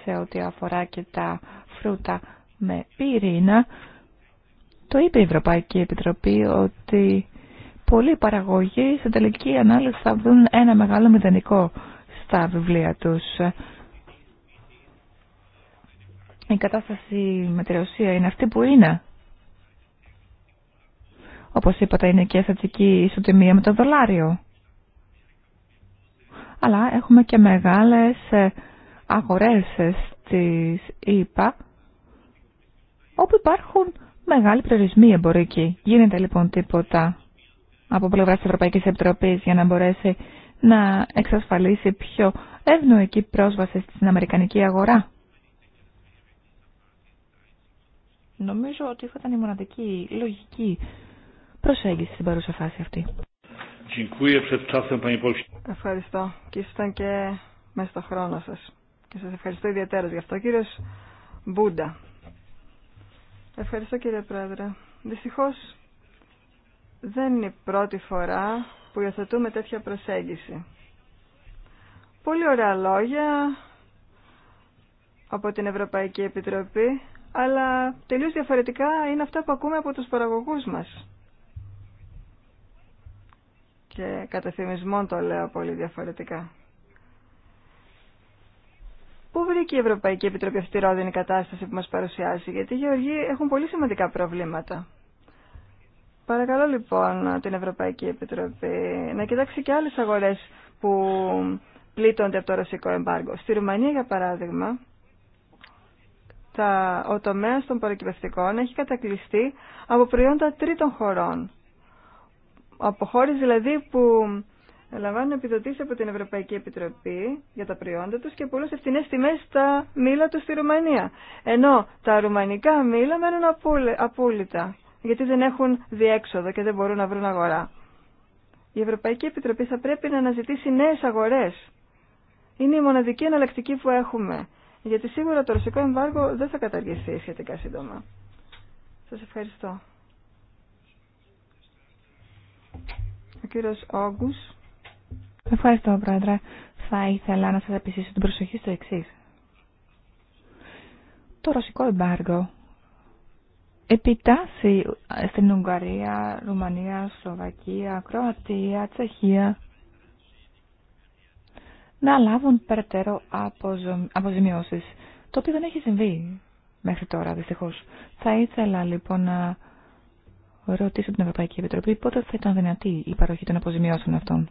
σε ό,τι αφορά και τα φρούτα με πυρήνα, το είπε η Ευρωπαϊκή Επιτροπή ότι πολλοί παραγωγοί σε τελική ανάλυση θα δουν ένα μεγάλο μηδενικό στα βιβλία τους. Η κατάσταση με τη Ρωσία είναι αυτή που είναι. Όπως είπατε είναι και αισθαντική ισοτιμία με το δολάριο. Αλλά έχουμε και μεγάλες ε, αγορές της ΕΙΠΑ όπου υπάρχουν μεγάλοι προορισμοί εμπορικοί. Γίνεται λοιπόν τίποτα από πλευρά της Ευρωπαϊκής Επιτροπής για να μπορέσει να εξασφαλίσει πιο ευνοϊκή πρόσβαση στην Αμερικανική αγορά. Νομίζω ότι αυτό ήταν η μοναδική λογική προσέγγιση στην παρουσιαφάση αυτή. Ευχαριστώ και ήσασταν και μέσα στο χρόνο σας. Και σας ευχαριστώ ιδιαίτερα γι' αυτό. Κύριος Μπούντα. Ευχαριστώ κύριε Πρόεδρε. Δυστυχώς δεν είναι η πρώτη φορά που υιοθετούμε τέτοια προσέγγιση. Πολύ ωραία λόγια από την Ευρωπαϊκή Επιτροπή, αλλά τελείως διαφορετικά είναι αυτά που ακούμε από τους παραγωγούς μας. Και κατά το λέω πολύ διαφορετικά. Πού βρήκε η Ευρωπαϊκή Επιτροπή αυτή τη ρόδινη κατάσταση που μας παρουσιάζει, γιατί οι Γεωργοί έχουν πολύ σημαντικά προβλήματα. Παρακαλώ λοιπόν την Ευρωπαϊκή Επιτροπή να κοιτάξει και άλλες αγορές που πλήττονται από το ρωσικό εμπάργκο. Στη Ρουμανία, για παράδειγμα, τα, ο τομέα των παροκυπευτικών έχει κατακλειστεί από προϊόντα τρίτων χωρών. Από χώρες δηλαδή που λαμβάνουν επιδοτήσει από την Ευρωπαϊκή Επιτροπή για τα προϊόντα του και πολλέ ευθυνέ τιμέ στα μήλα του στη Ρουμανία. Ενώ τα ρουμανικά μήλα μένουν απόλυτα, γιατί δεν έχουν διέξοδο και δεν μπορούν να βρουν αγορά. Η Ευρωπαϊκή Επιτροπή θα πρέπει να αναζητήσει νέε αγορές. Είναι η μοναδική εναλλακτική που έχουμε, γιατί σίγουρα το ρωσικό εμβάργο δεν θα καταργηθεί σχετικά σύντομα. Σα ευχαριστώ. Ο κύριο Όγκου. Ευχαριστώ, Πρόεδρε. Θα ήθελα να σας επισήσω την προσοχή στο εξή. Το ρωσικό εμπάργο επιτάσσει στην Ουγγαρία, Ρουμανία, Σλοβακία, Κροατία, Τσεχία να λάβουν περαιτέρω αποζημιώσεις, το οποίο δεν έχει συμβεί μέχρι τώρα δυστυχώς. Θα ήθελα λοιπόν να ρωτήσω την Ευρωπαϊκή Επιτροπή πότε θα ήταν δυνατή η παροχή των αποζημιώσεων αυτών.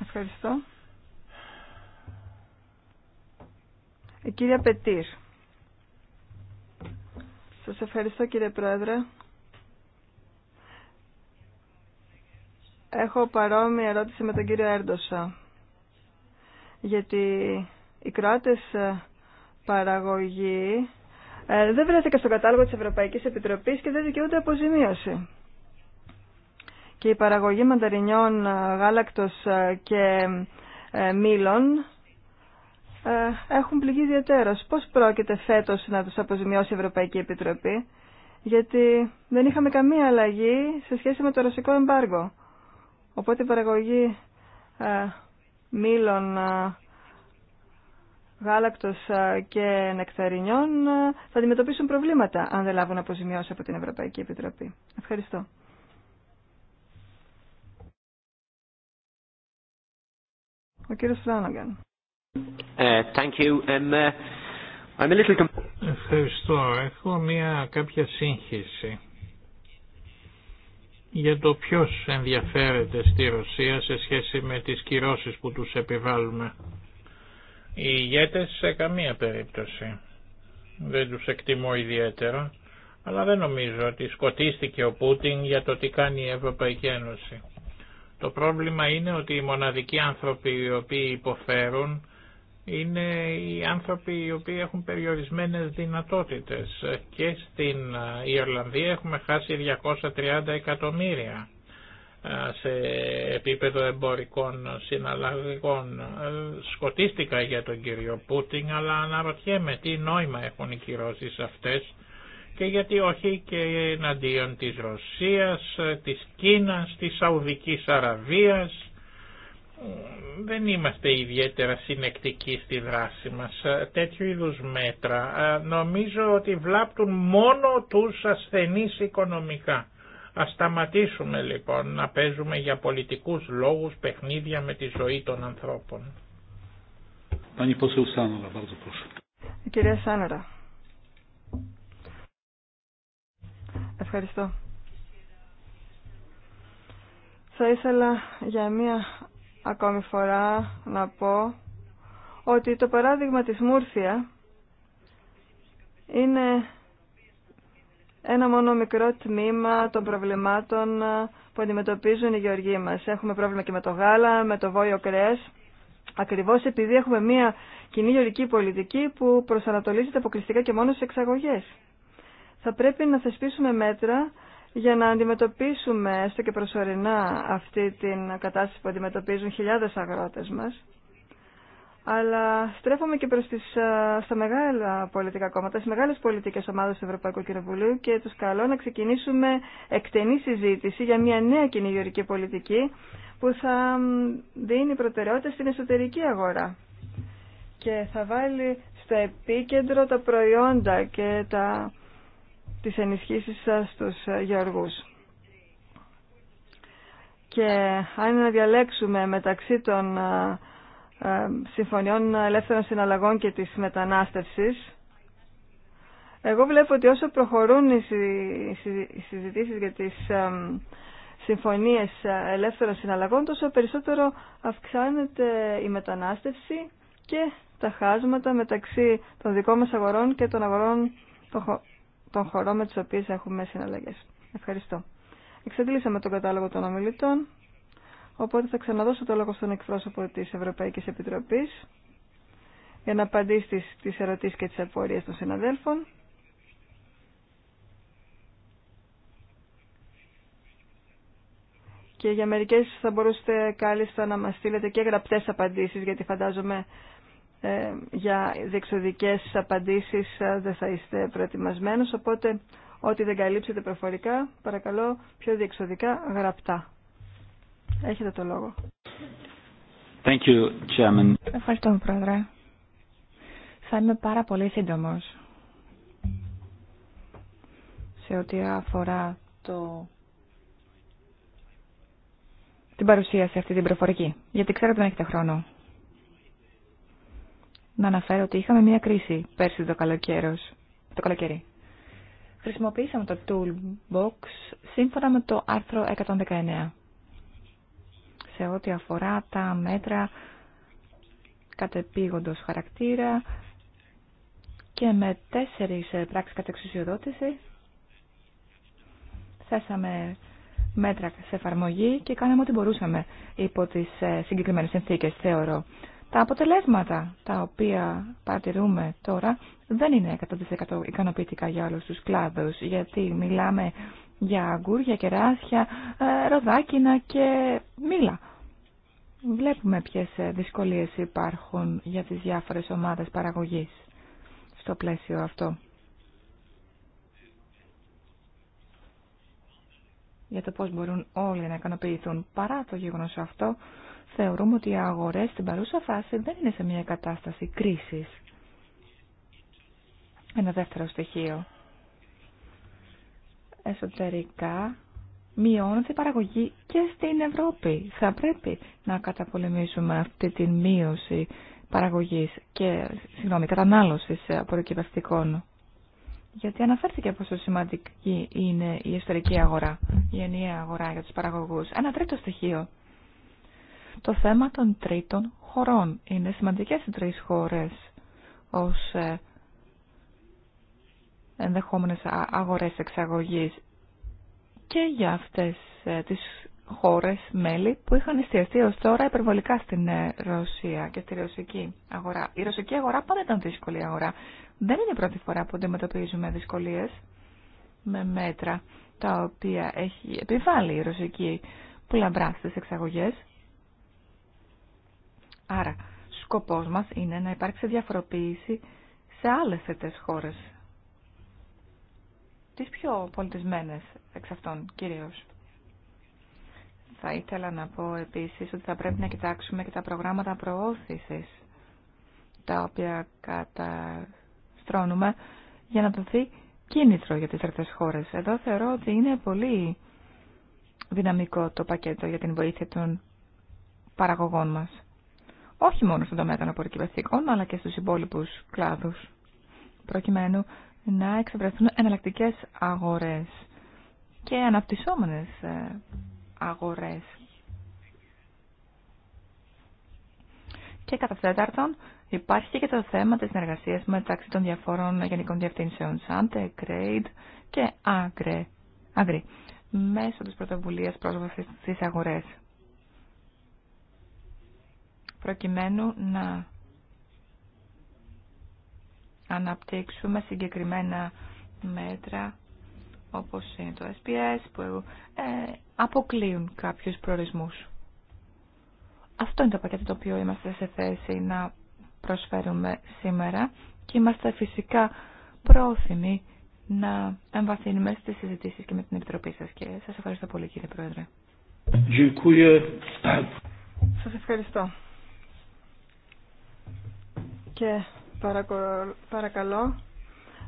Ευχαριστώ. Ε, κύριε κυρία Πετήρ. Σας ευχαριστώ κύριε Πρόεδρε. Έχω παρόμοια ερώτηση με τον κύριο Έρντοσα. Γιατί οι Κροάτες ε, παραγωγοί ε, δεν βρέθηκαν στο κατάλογο της Ευρωπαϊκής Επιτροπής και δεν δικαιούνται αποζημίωση. Και η παραγωγή μανταρινιών, ε, γάλακτος ε, και μήλων έχουν πληγεί ιδιαίτερως. Πώς πρόκειται φέτος να τους αποζημιώσει η Ευρωπαϊκή Επιτροπή, γιατί δεν είχαμε καμία αλλαγή σε σχέση με το ρωσικό εμπάργο. Οπότε η παραγωγή μήλων γάλακτος και νεκταρινιών θα αντιμετωπίσουν προβλήματα αν δεν λάβουν αποζημιώσει από την Ευρωπαϊκή Επιτροπή. Ευχαριστώ. Ο κύριος ε, ε, Ευχαριστώ. Έχω μια κάποια σύγχυση για το ποιος ενδιαφέρεται στη Ρωσία σε σχέση με τις κυρώσεις που τους επιβάλλουμε. Οι ηγέτες σε καμία περίπτωση. Δεν τους εκτιμώ ιδιαίτερα, αλλά δεν νομίζω ότι σκοτίστηκε ο Πούτιν για το τι κάνει η Ευρωπαϊκή Ένωση. Το πρόβλημα είναι ότι οι μοναδικοί άνθρωποι οι οποίοι υποφέρουν είναι οι άνθρωποι οι οποίοι έχουν περιορισμένες δυνατότητες και στην Ιρλανδία έχουμε χάσει 230 εκατομμύρια σε επίπεδο εμπορικών συναλλαγών. Σκοτίστηκα για τον κύριο Πούτιν, αλλά αναρωτιέμαι τι νόημα έχουν οι κυρώσεις αυτές και γιατί όχι και εναντίον της Ρωσίας, της Κίνας, της Σαουδικής Αραβίας. Δεν είμαστε ιδιαίτερα συνεκτικοί στη δράση μας. Τέτοιου είδους μέτρα νομίζω ότι βλάπτουν μόνο τους ασθενείς οικονομικά. Ας σταματήσουμε λοιπόν να παίζουμε για πολιτικούς λόγους παιχνίδια με τη ζωή των ανθρώπων. Κυρία Σάνορα. Ευχαριστώ. Θα ήθελα για μία ακόμη φορά να πω ότι το παράδειγμα της Μούρθια είναι ένα μόνο μικρό τμήμα των προβλημάτων ε, που αντιμετωπίζουν οι γεωργοί μας. Έχουμε πρόβλημα και με το γάλα, με το βόλιο κρέας, ακριβώς επειδή έχουμε μια κοινή γεωργική πολιτική που προσανατολίζεται αποκλειστικά και μόνο σε εξαγωγές. Θα πρέπει να θεσπίσουμε μέτρα για να αντιμετωπίσουμε έστω και προσωρινά αυτή την κατάσταση που αντιμετωπίζουν χιλιάδες αγρότες μας αλλά στρέφομαι και προς τις, στα μεγάλα πολιτικά κόμματα, στις μεγάλες πολιτικές ομάδες του Ευρωπαϊκού Κοινοβουλίου και τους καλώ να ξεκινήσουμε εκτενή συζήτηση για μια νέα κοινή πολιτική που θα δίνει προτεραιότητα στην εσωτερική αγορά και θα βάλει στο επίκεντρο τα προϊόντα και τα, τις ενισχύσεις σας στους ε, γεωργούς. Και αν διαλέξουμε μεταξύ των συμφωνιών ελεύθερων συναλλαγών και της μετανάστευσης, εγώ βλέπω ότι όσο προχωρούν οι συζητήσεις για τις συμφωνίες ε, ελεύθερων συναλλαγών, τόσο περισσότερο αυξάνεται η μετανάστευση και τα χάσματα μεταξύ των δικών μας αγορών και των αγορών των χωρών με τις οποίες έχουμε συναλλαγές. Ευχαριστώ. Εξαντλήσαμε τον κατάλογο των ομιλητών. Οπότε θα ξαναδώσω το λόγο στον εκπρόσωπο της Ευρωπαϊκής Επιτροπής για να απαντήσει στις ερωτήσεις και τις απορίες των συναδέλφων. Και για μερικές θα μπορούσατε κάλλιστα να μας στείλετε και γραπτές απαντήσεις, γιατί φαντάζομαι ε, για διεξοδικές απαντήσεις ε, δεν θα είστε προετοιμασμένος, οπότε ό,τι δεν καλύψετε προφορικά, παρακαλώ πιο διεξοδικά γραπτά. Έχετε το λόγο. Thank you, Chairman. Ευχαριστώ, Πρόεδρε. Θα είμαι πάρα πολύ σύντομος σε ό,τι αφορά το... την παρουσίαση αυτή την προφορική. Γιατί ξέρω ότι δεν έχετε χρόνο. Να αναφέρω ότι είχαμε μια κρίση πέρσι το, το καλοκαίρι. Χρησιμοποίησαμε το Toolbox σύμφωνα με το άρθρο 119 σε ό,τι αφορά τα μέτρα κατεπήγοντος χαρακτήρα και με τέσσερις ε, πράξεις κατεξουσιοδότηση θέσαμε μέτρα σε εφαρμογή και κάναμε ό,τι μπορούσαμε υπό τις ε, συγκεκριμένες συνθήκες, θεωρώ. Τα αποτελέσματα τα οποία παρατηρούμε τώρα δεν είναι 100% ικανοποιητικά για όλους τους κλάδους, γιατί μιλάμε για αγκούρια, κεράσια, ε, ροδάκινα και μήλα. Βλέπουμε ποιες ε, δυσκολίες υπάρχουν για τις διάφορες ομάδες παραγωγής στο πλαίσιο αυτό. Για το πώς μπορούν όλοι να ικανοποιηθούν παρά το γεγονός αυτό, θεωρούμε ότι οι αγορές στην παρούσα φάση δεν είναι σε μια κατάσταση κρίσης. Ένα δεύτερο στοιχείο εσωτερικά μειώνεται η παραγωγή και στην Ευρώπη. Θα πρέπει να καταπολεμήσουμε αυτή τη μείωση παραγωγής και συγγνώμη, κατανάλωσης απορροκυπευτικών. Γιατί αναφέρθηκε πόσο σημαντική είναι η εσωτερική αγορά, η ενιαία αγορά για τους παραγωγούς. Ένα τρίτο στοιχείο. Το θέμα των τρίτων χωρών. Είναι σημαντικές οι τρεις χώρες ως ε, ενδεχόμενες αγορές εξαγωγής και για αυτές ε, τις χώρες μέλη που είχαν εστιαστεί ως τώρα υπερβολικά στην ε, Ρωσία και στη ρωσική αγορά. Η ρωσική αγορά πάντα ήταν δύσκολη αγορά. Δεν είναι η πρώτη φορά που αντιμετωπίζουμε δυσκολίες με μέτρα τα οποία έχει επιβάλει η ρωσική λαμπρά στις εξαγωγές. Άρα, σκοπός μας είναι να υπάρξει διαφοροποίηση σε άλλες θετές χώρες τις πιο πολιτισμένες εξ αυτών κυρίως. Θα ήθελα να πω επίσης ότι θα πρέπει να κοιτάξουμε και τα προγράμματα προώθησης τα οποία καταστρώνουμε για να δοθεί κίνητρο για τις τρεις χώρες. Εδώ θεωρώ ότι είναι πολύ δυναμικό το πακέτο για την βοήθεια των παραγωγών μας. Όχι μόνο στον τομέα των απορροκυπευτικών, αλλά και στους υπόλοιπους κλάδους. Προκειμένου να εξευρεθούν εναλλακτικέ αγορές και αναπτυσσόμενες ε, αγορές. Και κατά τέταρτον, υπάρχει και το θέμα της συνεργασίας μεταξύ των διαφόρων γενικών διευθύνσεων Σάντε, Grade και Agri, μέσω της πρωτοβουλίας πρόσβασης στις αγορές προκειμένου να αναπτύξουμε συγκεκριμένα μέτρα όπως είναι το SPS που ε, αποκλείουν κάποιους προορισμούς. Αυτό είναι το πακέτο το οποίο είμαστε σε θέση να προσφέρουμε σήμερα και είμαστε φυσικά πρόθυμοι να εμβαθύνουμε στις συζητήσεις και με την Επιτροπή σας και σας ευχαριστώ πολύ κύριε Πρόεδρε. Σας ευχαριστώ. Και παρακαλώ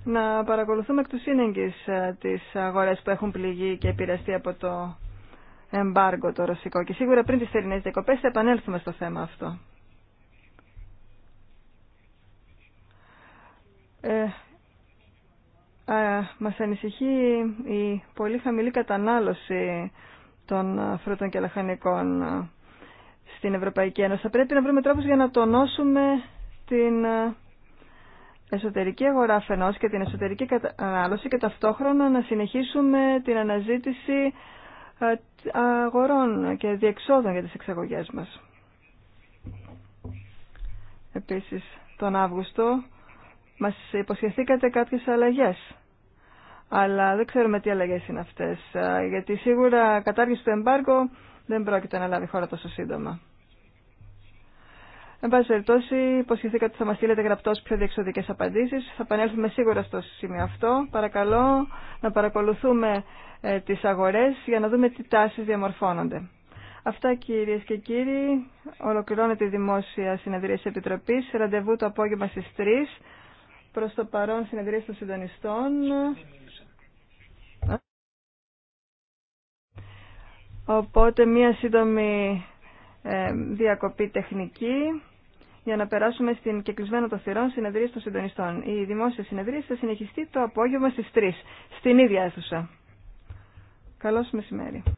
να παρακολουθούμε εκ του σύνεγγυς ε, τις αγορές που έχουν πληγεί και επηρεαστεί από το εμπάργκο το ρωσικό και σίγουρα πριν τις θερινές διακοπές θα επανέλθουμε στο θέμα αυτό. Ε, μας ανησυχεί η πολύ χαμηλή κατανάλωση των φρούτων και λαχανικών ε, στην Ευρωπαϊκή Ένωση. Θα πρέπει να βρούμε τρόπους για να τονώσουμε την ε, εσωτερική αγορά αφενός και την εσωτερική κατανάλωση και ταυτόχρονα να συνεχίσουμε την αναζήτηση ε, αγορών και διεξόδων για τις εξαγωγές μας. Επίσης, τον Αύγουστο μας υποσχεθήκατε κάποιες αλλαγές. Αλλά δεν ξέρουμε τι αλλαγές είναι αυτές, ε, γιατί σίγουρα κατάργηση του εμπάργου δεν πρόκειται να λάβει χώρα τόσο σύντομα. Εν πάση περιπτώσει, υποσχεθήκατε ότι θα μα στείλετε γραπτό πιο διεξοδικέ απαντήσει. Θα επανέλθουμε σίγουρα στο σημείο αυτό. Παρακαλώ να παρακολουθούμε ε, τι αγορέ για να δούμε τι τάσει διαμορφώνονται. Αυτά κυρίε και κύριοι. Ολοκληρώνεται η δημόσια συνεδρία τη Επιτροπή. Ραντεβού το απόγευμα στι 3. Προ το παρόν συνεδρία των συντονιστών. Οπότε μία σύντομη ε, διακοπή τεχνική για να περάσουμε στην κεκλεισμένο των θυρών συνεδρίες των συντονιστών. Η δημόσια συνεδρία θα συνεχιστεί το απόγευμα στις 3 στην ίδια αίθουσα. Καλώς μεσημέρι.